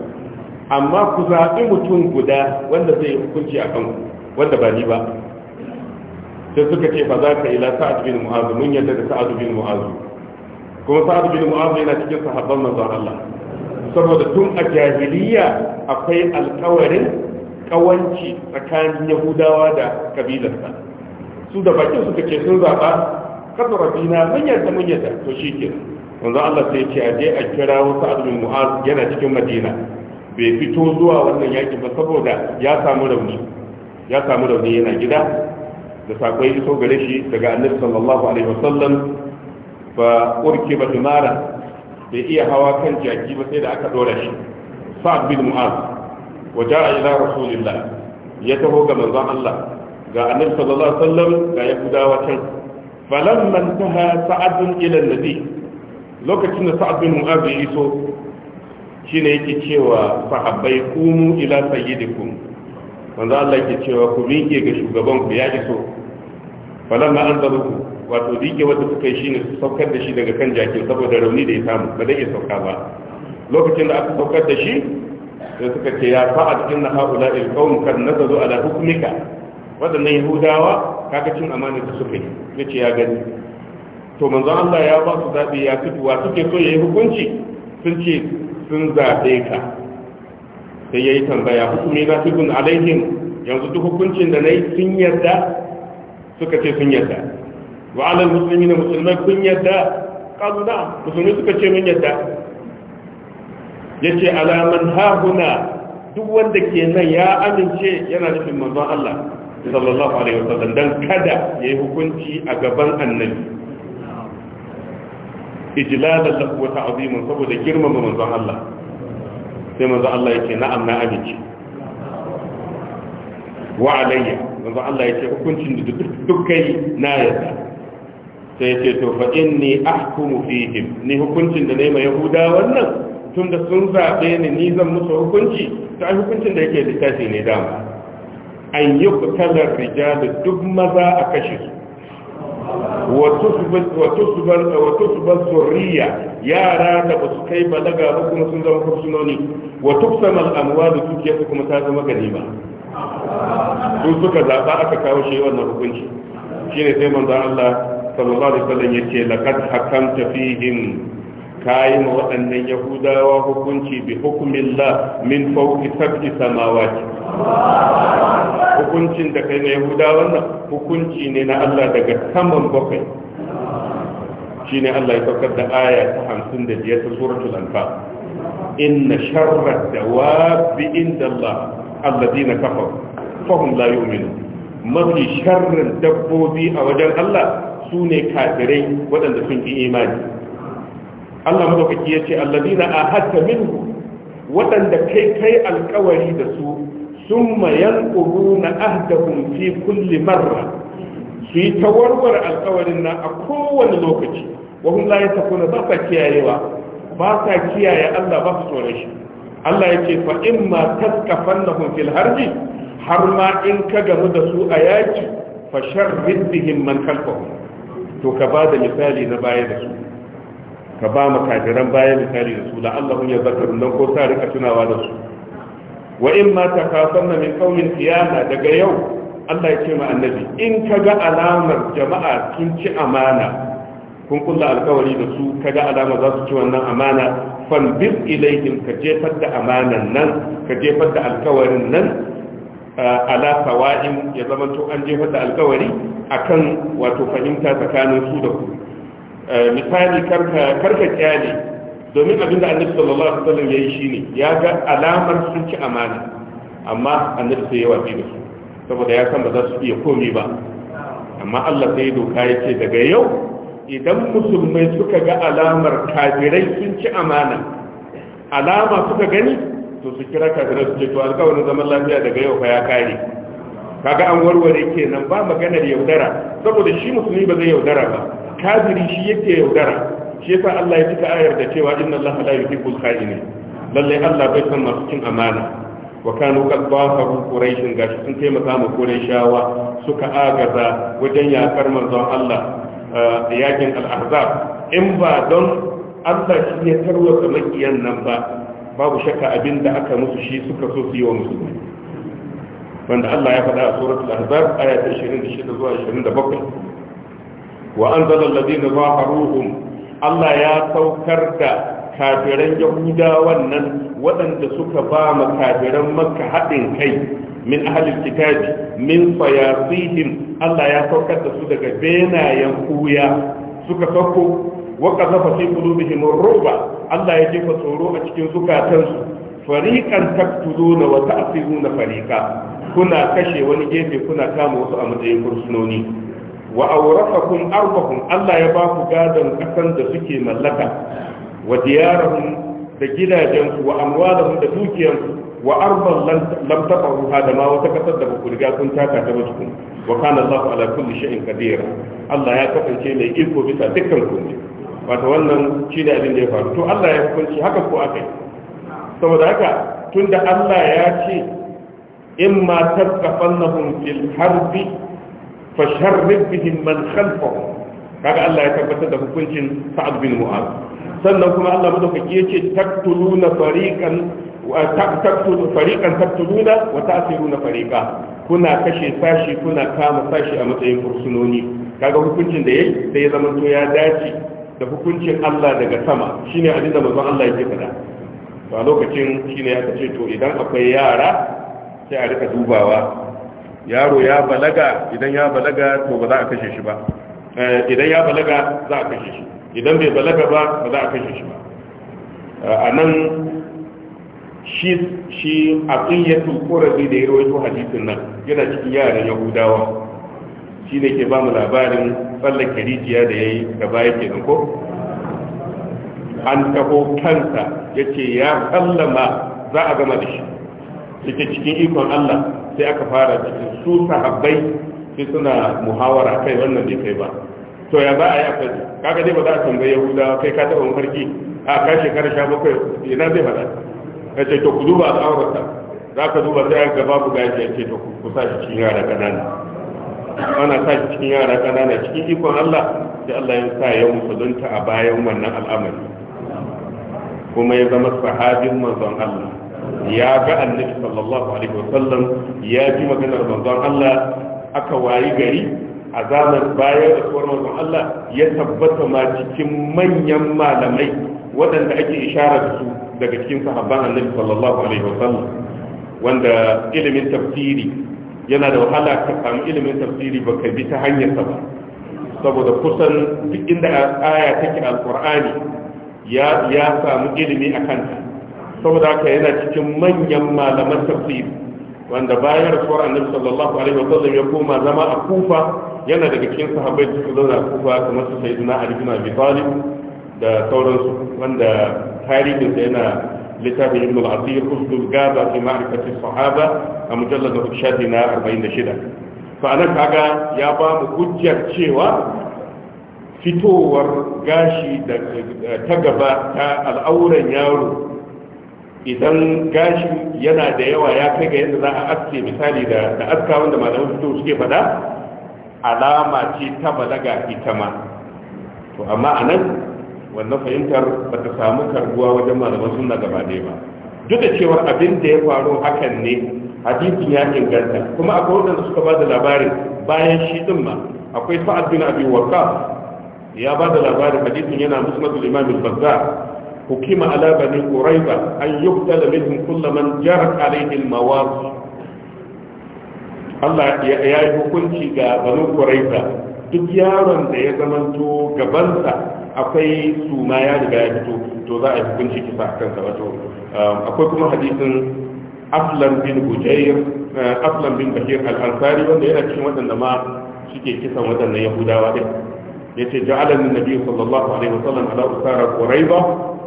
amma ku zaɓi mutum guda wanda zai yi hukunci a kanku wanda ba ni ba sai suka ce fa za ka ila sa'ad bin mu'azu mun yadda da sa'ad bin mu'azu kuma sa'ad bin mu'azu yana cikin sahabban manzon Allah saboda tun a jahiliya akwai alƙawarin kawanci tsakanin yahudawa da kabilarsa su da bakin suka ce sun zaɓa kasar rabina mun yadda mun yadda to shi kenan yanzu Allah sai ce a je a kira wasu azumin mu'az yana cikin madina bai fito zuwa wannan yaki ba saboda ya samu rauni ya samu rauni yana gida da sakwai iso gare shi daga annabi sallallahu alaihi wasallam Ba urki ba dumara bai iya hawa kan jaki ba sai da aka dora shi sa'ad bin mu'az wa ja'a ila rasulillah ya taho ga manzon Allah ga annabi sallallahu alaihi wasallam ga yahudawa can falamma intaha sa'adun ila nabi lokacin da sa'ad bin mu'az ya iso shine yake cewa sahabbai kumu ila sayyidikum manzo Allah yake cewa ku miƙe ga shugaban ku ya iso falan ma anzaruku wato dike wanda suka yi shine su saukar da shi daga kan jakin saboda rauni da ya samu ba dai ya sauka ba lokacin da aka saukar da shi sai suka ce ya fa'ad inna haula alqawm kan nazaru ala hukmika wadannan yahudawa kaga cin amana da suka yi yace ya gani to manzon Allah ya ba su zaɓi ya fito wa suke so yayi hukunci sun ce sun zaɓe ka sai yayi tambaya hukumi na tukun alaihim yanzu duk hukuncin da nayi sun yarda suka ce sun yarda wa alal muslimina musulmai kun yarda qalu na musulmi suka ce mun yarda yace alaman hahuna duk wanda ke nan ya amince yana nufin manzon Allah sallallahu alaihi wasallam dan kada yayi hukunci a gaban annabi Ijilada lahu wa ta'ziman saboda girmama manzon Allah sai manzon Allah yake na'am na amince wa alayya manzon Allah yake hukuncin da duk kai na yarda sai yake to fa inni ahkumu fihim ni hukuncin da nayi ma yahuda wannan tunda sun zabe ni ni zan musu hukunci to ai hukuncin da yake littafi ne dama an yi kutalar rijalu duk maza a kashe su wato Suban bar zurriya yara da ba su kai balaga ba kuma sun zama kursunoni wato su samal amuwa da dukiyar su kuma ta zama ganima su suka zaɓa aka kawo shi wannan hukunci shine sai manzon Allah sallallahu alaihi wasallam yace laqad hakamta fihim kayi ma waɗannan yahudawa hukunci bi la min fawqi sab'i samawati hukuncin da kai na yahuda wannan hukunci ne na Allah daga saman bakwai Shi ne Allah ya saukar da aya ta hamsin da biyar ta suratul anfa inna sharra dawabi inda Allah alladina kafaru fahum la yu'minun mafi sharrin dabbobi a wajen Allah su ne kafirai waɗanda sun ƙi imani Allah madaukaki ya ce a ahadta minhu waɗanda kai kai alkawari da su ثم ينقضون عهدهم في كل مرة في تورور القولنا أقوى لوكج وهم لا يتقون بطا كيايوا بطا كيايا الله بطورش الله يكي فإما تسكفنهم في الهرج حرما إن كجمد سوء ياجي فشرد بهم من خلفهم to ka ba da misali na baya da su ka ba makajiran baya misali da su la'allahun ya zakarun don ko sa rika tunawa da su wa in ma na min qaumin qiyama daga yau Allah ya ce ma annabi in ga alamar jama'a sun ci amana kun kulla alkawari da su kaga alama za su ci wannan amana fan bil ilaihim ka jefar da amanan nan ka jefar da alkawarin nan ala sawa'in ya zama to an jefar da alkawari akan wato fahimta tsakanin su da ku eh, misali karka karka kyale domin abin da annabi sallallahu alaihi wasallam yayi shine ya ga alamar sun ci amana amma annabi sai ya wafi da su saboda ya san ba za su iya komi ba amma Allah sai ya doka ya ce daga yau idan musulmai suka ga alamar kafirai sun ci amana alama suka gani to su kira kafirai su ce to alƙawarin zaman lafiya daga yau fa ya kare kaga an warware kenan ba maganar yaudara saboda shi musulmi ba zai yaudara ba kafiri shi yake yaudara shi yasa Allah ya cika ayar da cewa inna Allah la yuhibbul kha'inin lalle Allah bai san masu cin amana wa kanu qad bafaru quraishin gashi sun taimaka ma quraishawa suka agaza wajen yakar manzon Allah eh, yakin al-ahzab in ba don Allah shi ya tarwata makiyan nan ba babu shakka abinda aka musu shi suka so su yi wa musulmi wanda Allah ya faɗa a suratul ahzab aya ta 26 zuwa 27 wa anzala alladhina zaharuhum Allah ya saukar da kafiran yahudawan nan waɗanda suka ba mu kafiran makka haɗin kai min ahli kitabi min fayasihim Allah ya saukar da su daga benayen kuya suka sauko wa qazafa fi qulubihim ruba Allah ya jefa tsoro a cikin zukatansu fariqan taqtuluna wa ta'firuna fariqa kuna kashe wani gefe kuna kama wasu a matsayin fursunoni wa awrakakum arbahum Allah ya ba ku gadon kasan da suke mallaka wa diyarahum da gidajensu wa amwalahum da dukiyansu wa arban lam tafahu hada ma wata kasar da ku riga kun taka ta musu wa kana Allahu ala kulli shay'in qadir Allah ya kasance mai iko bisa dukkan kunne wato wannan shine abin da ya faru to Allah ya hukunci haka ko akai saboda haka tunda Allah ya ce in ma tasqafannahum fil harbi fasharrib bihim man khalfahum kaga Allah ya tabbatar da hukuncin Sa'ad bin Mu'adh sannan kuma Allah madaukaki yace taqtuluna fariqan wa taqtulu fariqan taqtuluna wa ta'siruna fariqa kuna kashe sashi kuna kama sashi a matsayin fursunoni kaga hukuncin da yayi sai ya zama to ya dace da hukuncin Allah daga sama shine abin da manzon Allah yake faɗa to a lokacin shine aka ce to idan akwai yara sai a rika dubawa yaro ya balaga idan ya balaga to ba za a kashe shi ba eh, idan ya balaga za a kashe shi idan bai balaga ba ba za a kashe shi ba eh, a nan shi a tsiyatul ƙorafi da ya rawaito hadisin nan yana cikin yaran yahudawa shi ne ke ba mu labarin tsallake rijiya da ya yi gaba baya ke ko an taho kansa ya ce ya kallama za a gama da shi cikin ikon allah sai aka fara cikin su sahabbai sai suna muhawara kai wannan bai kai ba to ya za a yi akwai kaga dai ba za a tambayi yahuda kai ka taɓa mafarki a ka shekara sha bakwai ina zai faɗa ka ce to ku duba al'aurarsa za ka duba sai ga babu gaji ya ce to ku sa shi cikin yara ƙanana ana sa shi cikin yara ƙanana cikin ikon Allah sai Allah ya sa ya musulunta a bayan wannan al'amari kuma ya zama sahabin manzon Allah ya ga annabi sallallahu alaihi wasallam ya ji maganar manzon Allah aka wayi gari a zaman bayan rasuwar manzon Allah ya tabbata ma cikin manyan malamai waɗanda ake da su daga cikin sahabban annabi sallallahu alaihi wasallam wanda ilimin tafsiri yana da wahala ka samu ilimin tafsiri baka bi ta hanyar ba saboda kusan duk inda aya take alqur'ani ya ya samu ilimi akan ta saboda haka yana cikin manyan malaman tafsir wanda bayan rasuwar annabi sallallahu alaihi wa sallam ya koma zama a kufa yana daga cikin sahabbai da suka zauna a kufa kamar su sayyidina ali bin abi talib da sauransu wanda tarihin sa yana littafin ibn al-asir usul gaba fi ma'rifati sahaba a mujallad na shafi na 46 fa anan kaga ya ba mu hujjar cewa fitowar gashi da ta gaba ta al'auran yaro idan gashi yana da yawa ya kai ga yadda za a aske misali da da aska wanda malaman fito suke faɗa alama ce ta balaga ita ma to amma a nan wannan fahimtar ba ta samu karbuwa wajen malaman sunna gaba ɗaya ba duk da cewar abin da ya faru hakan ne hadisin ya inganta kuma akwai wadanda suka ba da labarin bayan shi din ma akwai sa'ad bin abi waqas ya ba da labarin hadisin yana musnadul imam al-bazzar hukima ala bani quraiba an yuqtala minhum kullu man jarat alayhi al Allah ya yi hukunci ga banu quraiba duk yaron da ya zamanta gabansa akwai sumaya daga riga ya fito to za a yi hukunci kisa a kansa wato akwai kuma hadisin aflan bin bujair aflan bin bakir al-ansari wanda yana cikin waɗanda ma suke kisan waɗannan yahudawa din yace ja'ala min nabiy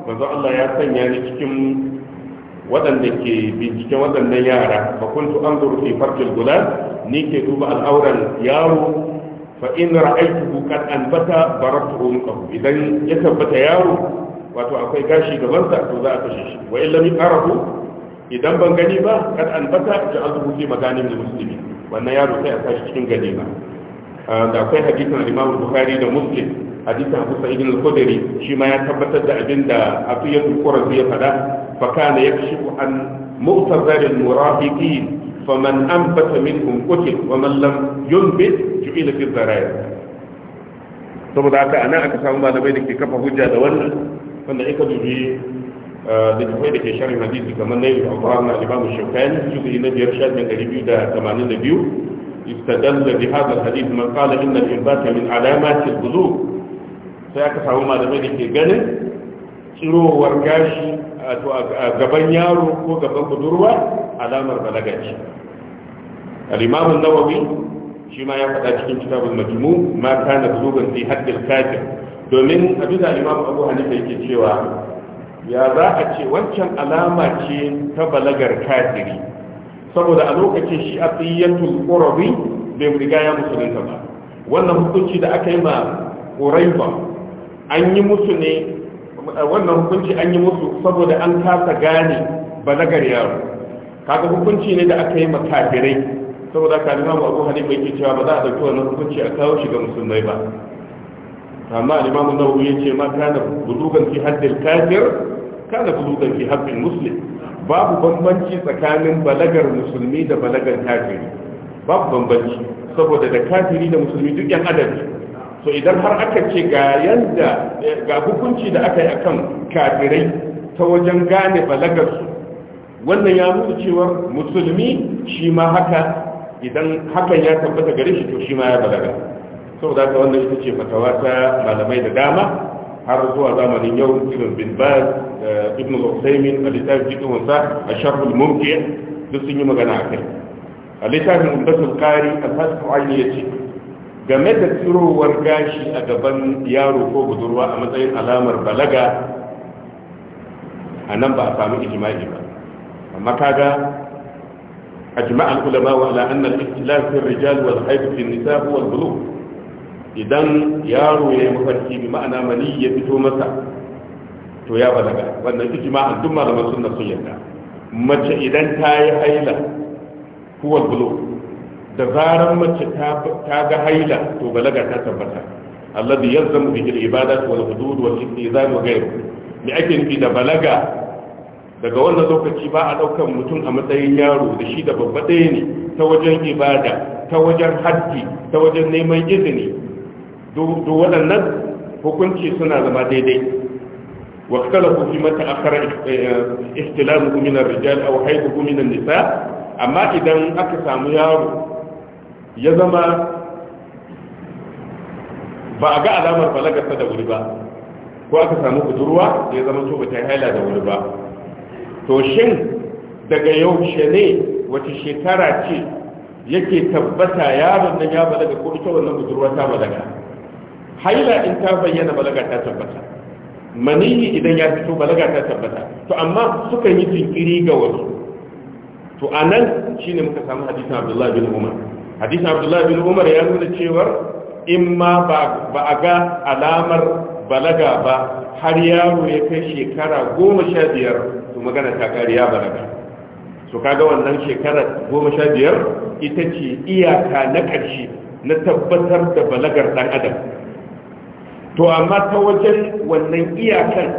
manzo Allah ya sanya ni cikin waɗanda ke binciken waɗannan yara fa kuntu anzuru fi farjil gulam ni ke duba al'auran yaro fa in ra'aytuhu qad anbata baratu umqahu idan ya tabbata yaro wato akwai gashi gaban sa to za a kashe shi wa illam yarahu idan ban gani ba kad anbata ja'alhu fi maganim muslimin wannan yaro sai a kashi cikin gani ganima ah, da akwai hadisin al-Imam Bukhari da Muslim حديث أبو سعيد الخدري فيما يتبت الدعبين دا أطية القرز يفدا فكان يكشف عن مؤتذر المرافقين فمن أنبت منهم قتل ومن لم ينبت جعل في الضرائب ثم دعك أنا أكسام ما نبيدك كفا هجا دولنا فأنا إكد في دكفيد آه، كشار الحديث كما نيل أبرارنا الإمام الشوكان جزء النبي يرشاد من قريبي دا كمانين استدل بهذا الحديث من قال إن الإنبات من علامات البلوغ sai aka samu malamai da ke ganin tsirowar gashi a gaban yaro ko gaban budurwa alamar balaga ce al-imam nawawi shi ma ya faɗa cikin kitabun majimu ma na zuban zai haddil kajin domin abin da alimamin abu hanifa yake cewa ya za a ce wancan alama ce ta balagar kajiri? saboda a lokacin shi a tsiyyatul ƙorabi bai riga ya musulunta ba wannan hukunci da aka yi ma ƙorai ba an yi musu ne wannan hukunci an yi musu saboda an kasa gane balagar yaro kaga hukunci ne da aka yi makafirai saboda ka limamu abu hanifa mai cewa ba za a dauki wannan hukunci a kawo shi ga musulmai ba amma limamu nawawi ce ma kana bulugan fi haddil kafir kana bulugan fi haddil muslim babu bambanci tsakanin balagar musulmi da balagar kafiri babu bambanci saboda da kafiri da musulmi duk yan adam to idan har aka ce ga yanda ga hukunci da aka yi akan kafirai ta wajen gane balagarsu wannan ya nuna cewar musulmi shi ma haka idan hakan ya tabbata gare shi to shi ma ya balaga saboda ta wannan ita ce fatawa ta malamai da dama har zuwa zamanin yau irin bin baz ibn al a littafin jikinsa a sharhul mumkin duk sun yi magana a kai a littafin umdatul qari al-fasu ya yace game da tsirowar gashi a gaban yaro ko budurwa a matsayin alamar balaga a nan ba a samu ijimai ba amma kaga a jima'ar ulama wa la'annan ikilafin rijal wa haifafin nisa wa buru idan yaro ya yi mafarki bi ma'ana mani ya fito masa to ya balaga wannan ita jima'a duk malaman sunna sun yadda mace idan ta yi haila ko wal da zaran mace ta ga haila to balaga ta tabbata alladhi yalzamu bihi al-ibadat wal hudud wal istizan wa ghayru me ake nufi da balaga daga wannan lokaci ba a daukan mutum a matsayin yaro da shi da babba ɗaya ne ta wajen ibada ta wajen haddi ta wajen neman izini duk waɗannan hukunci suna zama daidai kala mata واختلفوا فيما تأخر اختلافه من الرجال أو حيثه من amma idan aka samu yaro. ya zama ba a ga alamar balagarsa da wuri ba ko aka samu budurwa ya zama to ba ta haila da wuri ba to shin daga yau ne wace shekara ce yake tabbata yaron nan ya balaga ko ita wannan budurwa ta balaga haila in ta bayyana balaga ta tabbata maniyi idan ya fito balaga ta tabbata to amma suka yi jinkiri ga wasu to anan shine muka samu hadisin Abdullahi bin Umar hadisin abdullahi bin umar ya nuna cewa in ma ba a ga alamar balaga ba har yaro ya kai shekara goma sha biyar su magana ta kariya balaga su kaga wannan shekarar goma sha biyar ita ce iyaka na ƙarshe na tabbatar da balagar ɗan adam to amma ta wajen wannan iyakan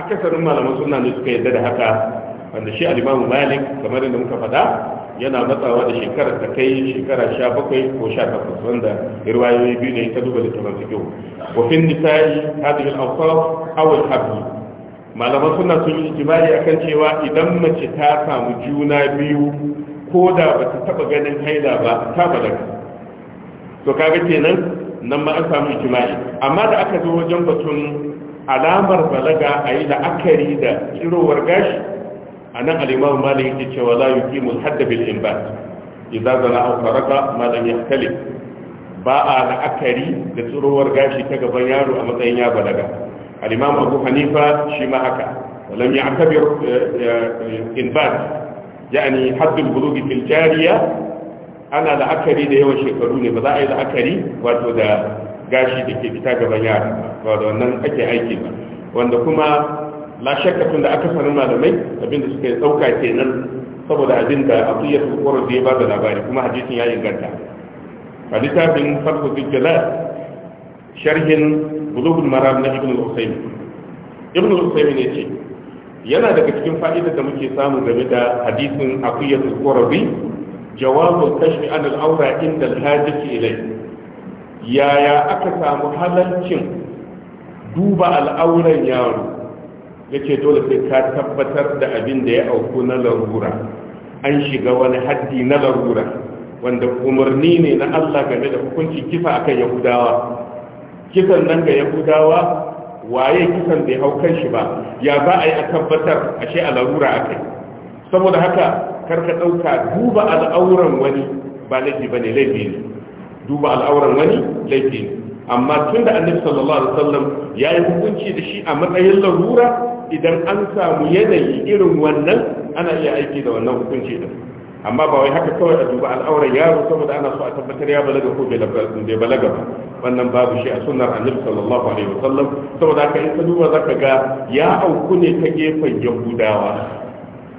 akasarin malamai suna ne suka yadda da haka wanda shi alimam malik kamar da muka faɗa yana matsawa da shekara ta kai shekara sha bakwai ko sha takwas wanda irwayoyi biyu ne ta duba da turan fiƙo wafin nisa'i hadin al'afaf awal habi malaman suna sun yi a akan cewa idan mace ta samu juna biyu ko da ba ta taɓa ganin haila ba ta balaga to kaga kenan nan ma an samu ijimai amma da aka zo wajen batun alamar balaga a yi la'akari da tsirowar gashi anan al-imam malik yake cewa la yuqimu al-hadd bil inbat idza zana aw faraka ma lam yahtali ba a la'akari da tsirowar gashi ta gaban yaro a matsayin ya balaga al abu hanifa shi ma haka ولم يعتبر إنبات يعني حد البلوغ في الجارية ana la'akari da yawan shekaru ne ba za a yi la'akari wato da gashi da ke fita gaban yaro. ba da wannan ake aiki ba wanda kuma la shakka tun da aka sanar malamai abinda suka yi ɗauka kenan saboda abin da su qurdi ya ba da labari kuma hadisin ya inganta a littafin bi jalal sharhin bulughul maram na ibn al-husayn ibn ne ce yana daga cikin fa'ida da muke samu game da hadisin abiyatul zai jawabul kashfi an al-awra inda al-hajati ilay yaya aka samu halalcin duba al'aurar yaro ya ce dole sai ka tabbatar da abin da ya auku na larura an shiga wani haddi na larura wanda umarni ne na allah game da hukunci kisa akan yahudawa kisan nan ga yahudawa waye kisan da ya hau kan shi ba ya za a yi a tabbatar a shi a larura a kai saboda haka karka ɗauka duba al'auran wani ba laifi ba ne laifi ne duba al'auran wani laifi ne amma tun da annabi sallallahu alaihi wasallam ya yi hukunci da shi a matsayin larura idan an samu yanayi irin wannan ana iya aiki da wannan hukunci din amma ba wai haka kawai a duba al'aurar yaro saboda ana so a tabbatar ya balaga ko bai balaga ba wannan babu shi a sunnar annabi sallallahu alaihi wasallam saboda haka in ka duba zaka ga ya auku ne ta gefen yahudawa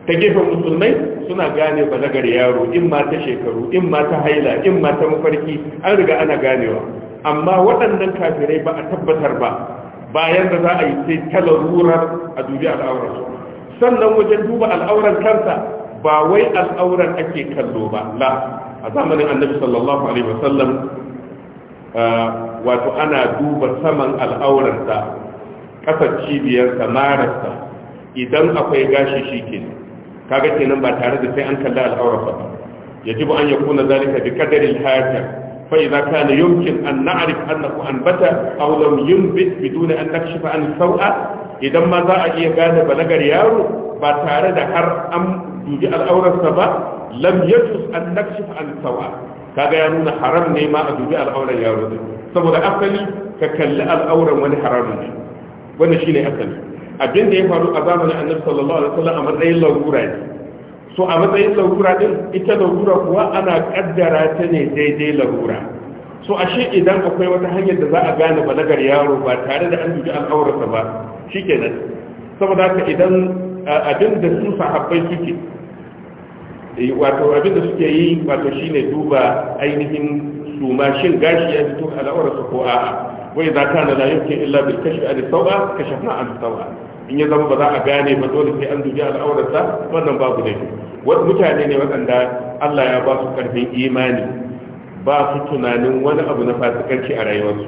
ta gefen musulmai suna gane balagar yaro in ma ta shekaru in ma ta haila in ma ta mafarki an riga ana ganewa amma waɗannan kafirai ba a tabbatar ba bayan da za a yi sai ta larurar a dubi al'auran sannan wajen duba al'auran kansa ba wai al'auran ake kallo ba la a zamanin annabi sallallahu alaihi wasallam wato ana duba saman al'auransa kasar cibiyar mararsa idan akwai gashi shi ke kaga kenan ba tare da sai an kalli al'aurarsa ba yajibu an yakuna zalika bi qadari al-haja فإذا كان يمكن أن نعرف أنه أنبت أو لم ينبت بدون أن نكشف عن السوء إذا ما ذا أي غانا بلغر يارو باتارد هر أم يجي الأورة سبا لم يجوز أن نكشف عن السوء kaga ya nuna haram ne ma a dubi al'auran yaro din saboda asali ka kalli al'auran wani haramun ne wannan shine asali abin da ya faru a zamanin annabi a matsayin larura ne to a matsayin laukura din ita laukura kuwa ana kaddara ta ne daidai larura so ashe idan akwai wata hanyar da za a gane balagar yaro ba tare da an duji al'aurarsa ba shikenan saboda haka idan abin da su sahabbai suke eh, wato abin da suke yi wato shine duba ainihin su ma shin gashi ya fito al'aurarsa ko a'a wai za ta na la illa bil kashfi kashi na a da sawa in ya zama ba za a gane ba dole sai an dubi al'aurarsa wannan babu da shi mutane ne waɗanda Allah ya ba su ƙarfin imani ba su tunanin wani abu na fasikanci a rayuwarsu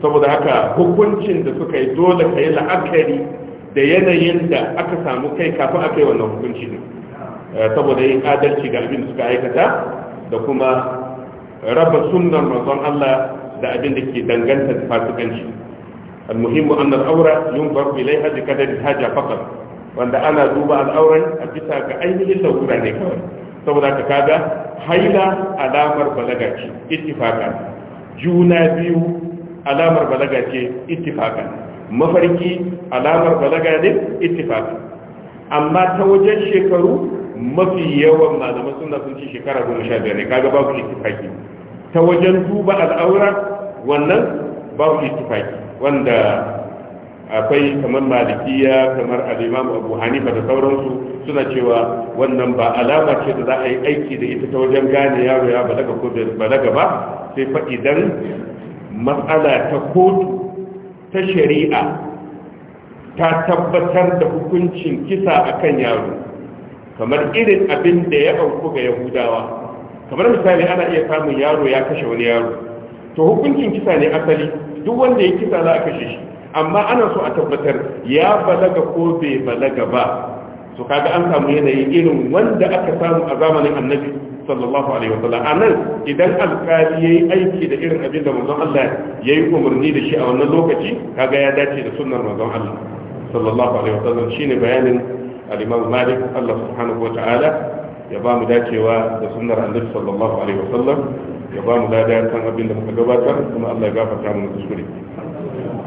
saboda haka hukuncin da suka yi dole ka yi la'akari da yanayin da aka samu kai kafin aka yi wannan hukunci ne eh, saboda yin adalci ga abin da suka aikata da kuma raba sunan manzon Allah da abin da ke danganta da fasikanci المهم أن الأورة ينظر إليها بقدر الحاجة فقط وأن أنا دوب الأورة أبسا كأين إلا هو كوي saboda ka kaga haila alamar balaga ce ittifaqan juna biyu alamar balaga ce ittifaqan mafarki alamar balaga ne ittifaqan amma ta wajen shekaru mafi yawan malaman suna sun ci shekara goma sha biyar ne kaga babu ittifaqi ta wajen duba al'aura wannan babu ittifaqi wanda akwai kamar malikiya kamar Alimamu abu hanifa da sauransu suna cewa wannan ba alama ce da za a yi aiki da ita ta wajen gane yaro ya balaga ko balaga ba sai fa idan matsala ta kotu ta shari'a ta tabbatar da hukuncin kisa akan yaro kamar irin abin da ya auku ga yahudawa kamar misali ana iya samun yaro ya kashe wani yaro to hukuncin kisa ne asali duk wanda ya kisa za a kashe shi amma ana so a tabbatar ya balaga ko bai balaga ba su kaga an samu yanayi irin wanda aka samu a zamanin annabi sallallahu alaihi wasallam a nan idan alkali ya yi aiki da irin abin da manzon Allah ya yi umarni da shi a wannan lokaci kaga ya dace da sunnar manzon Allah sallallahu alaihi wasallam shine bayanin al-Imam Malik Allah subhanahu wa ta'ala ya ba mu dacewa da sunnar annabi sallallahu alaihi wasallam ya ba mu lada kan abin da muka gabatar kuma Allah ya gafarta mu kuskure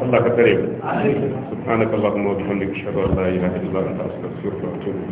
Allah ka tare mu subhanakallahumma wa bihamdika ashhadu an la ilaha illa anta astaghfiruka wa atubu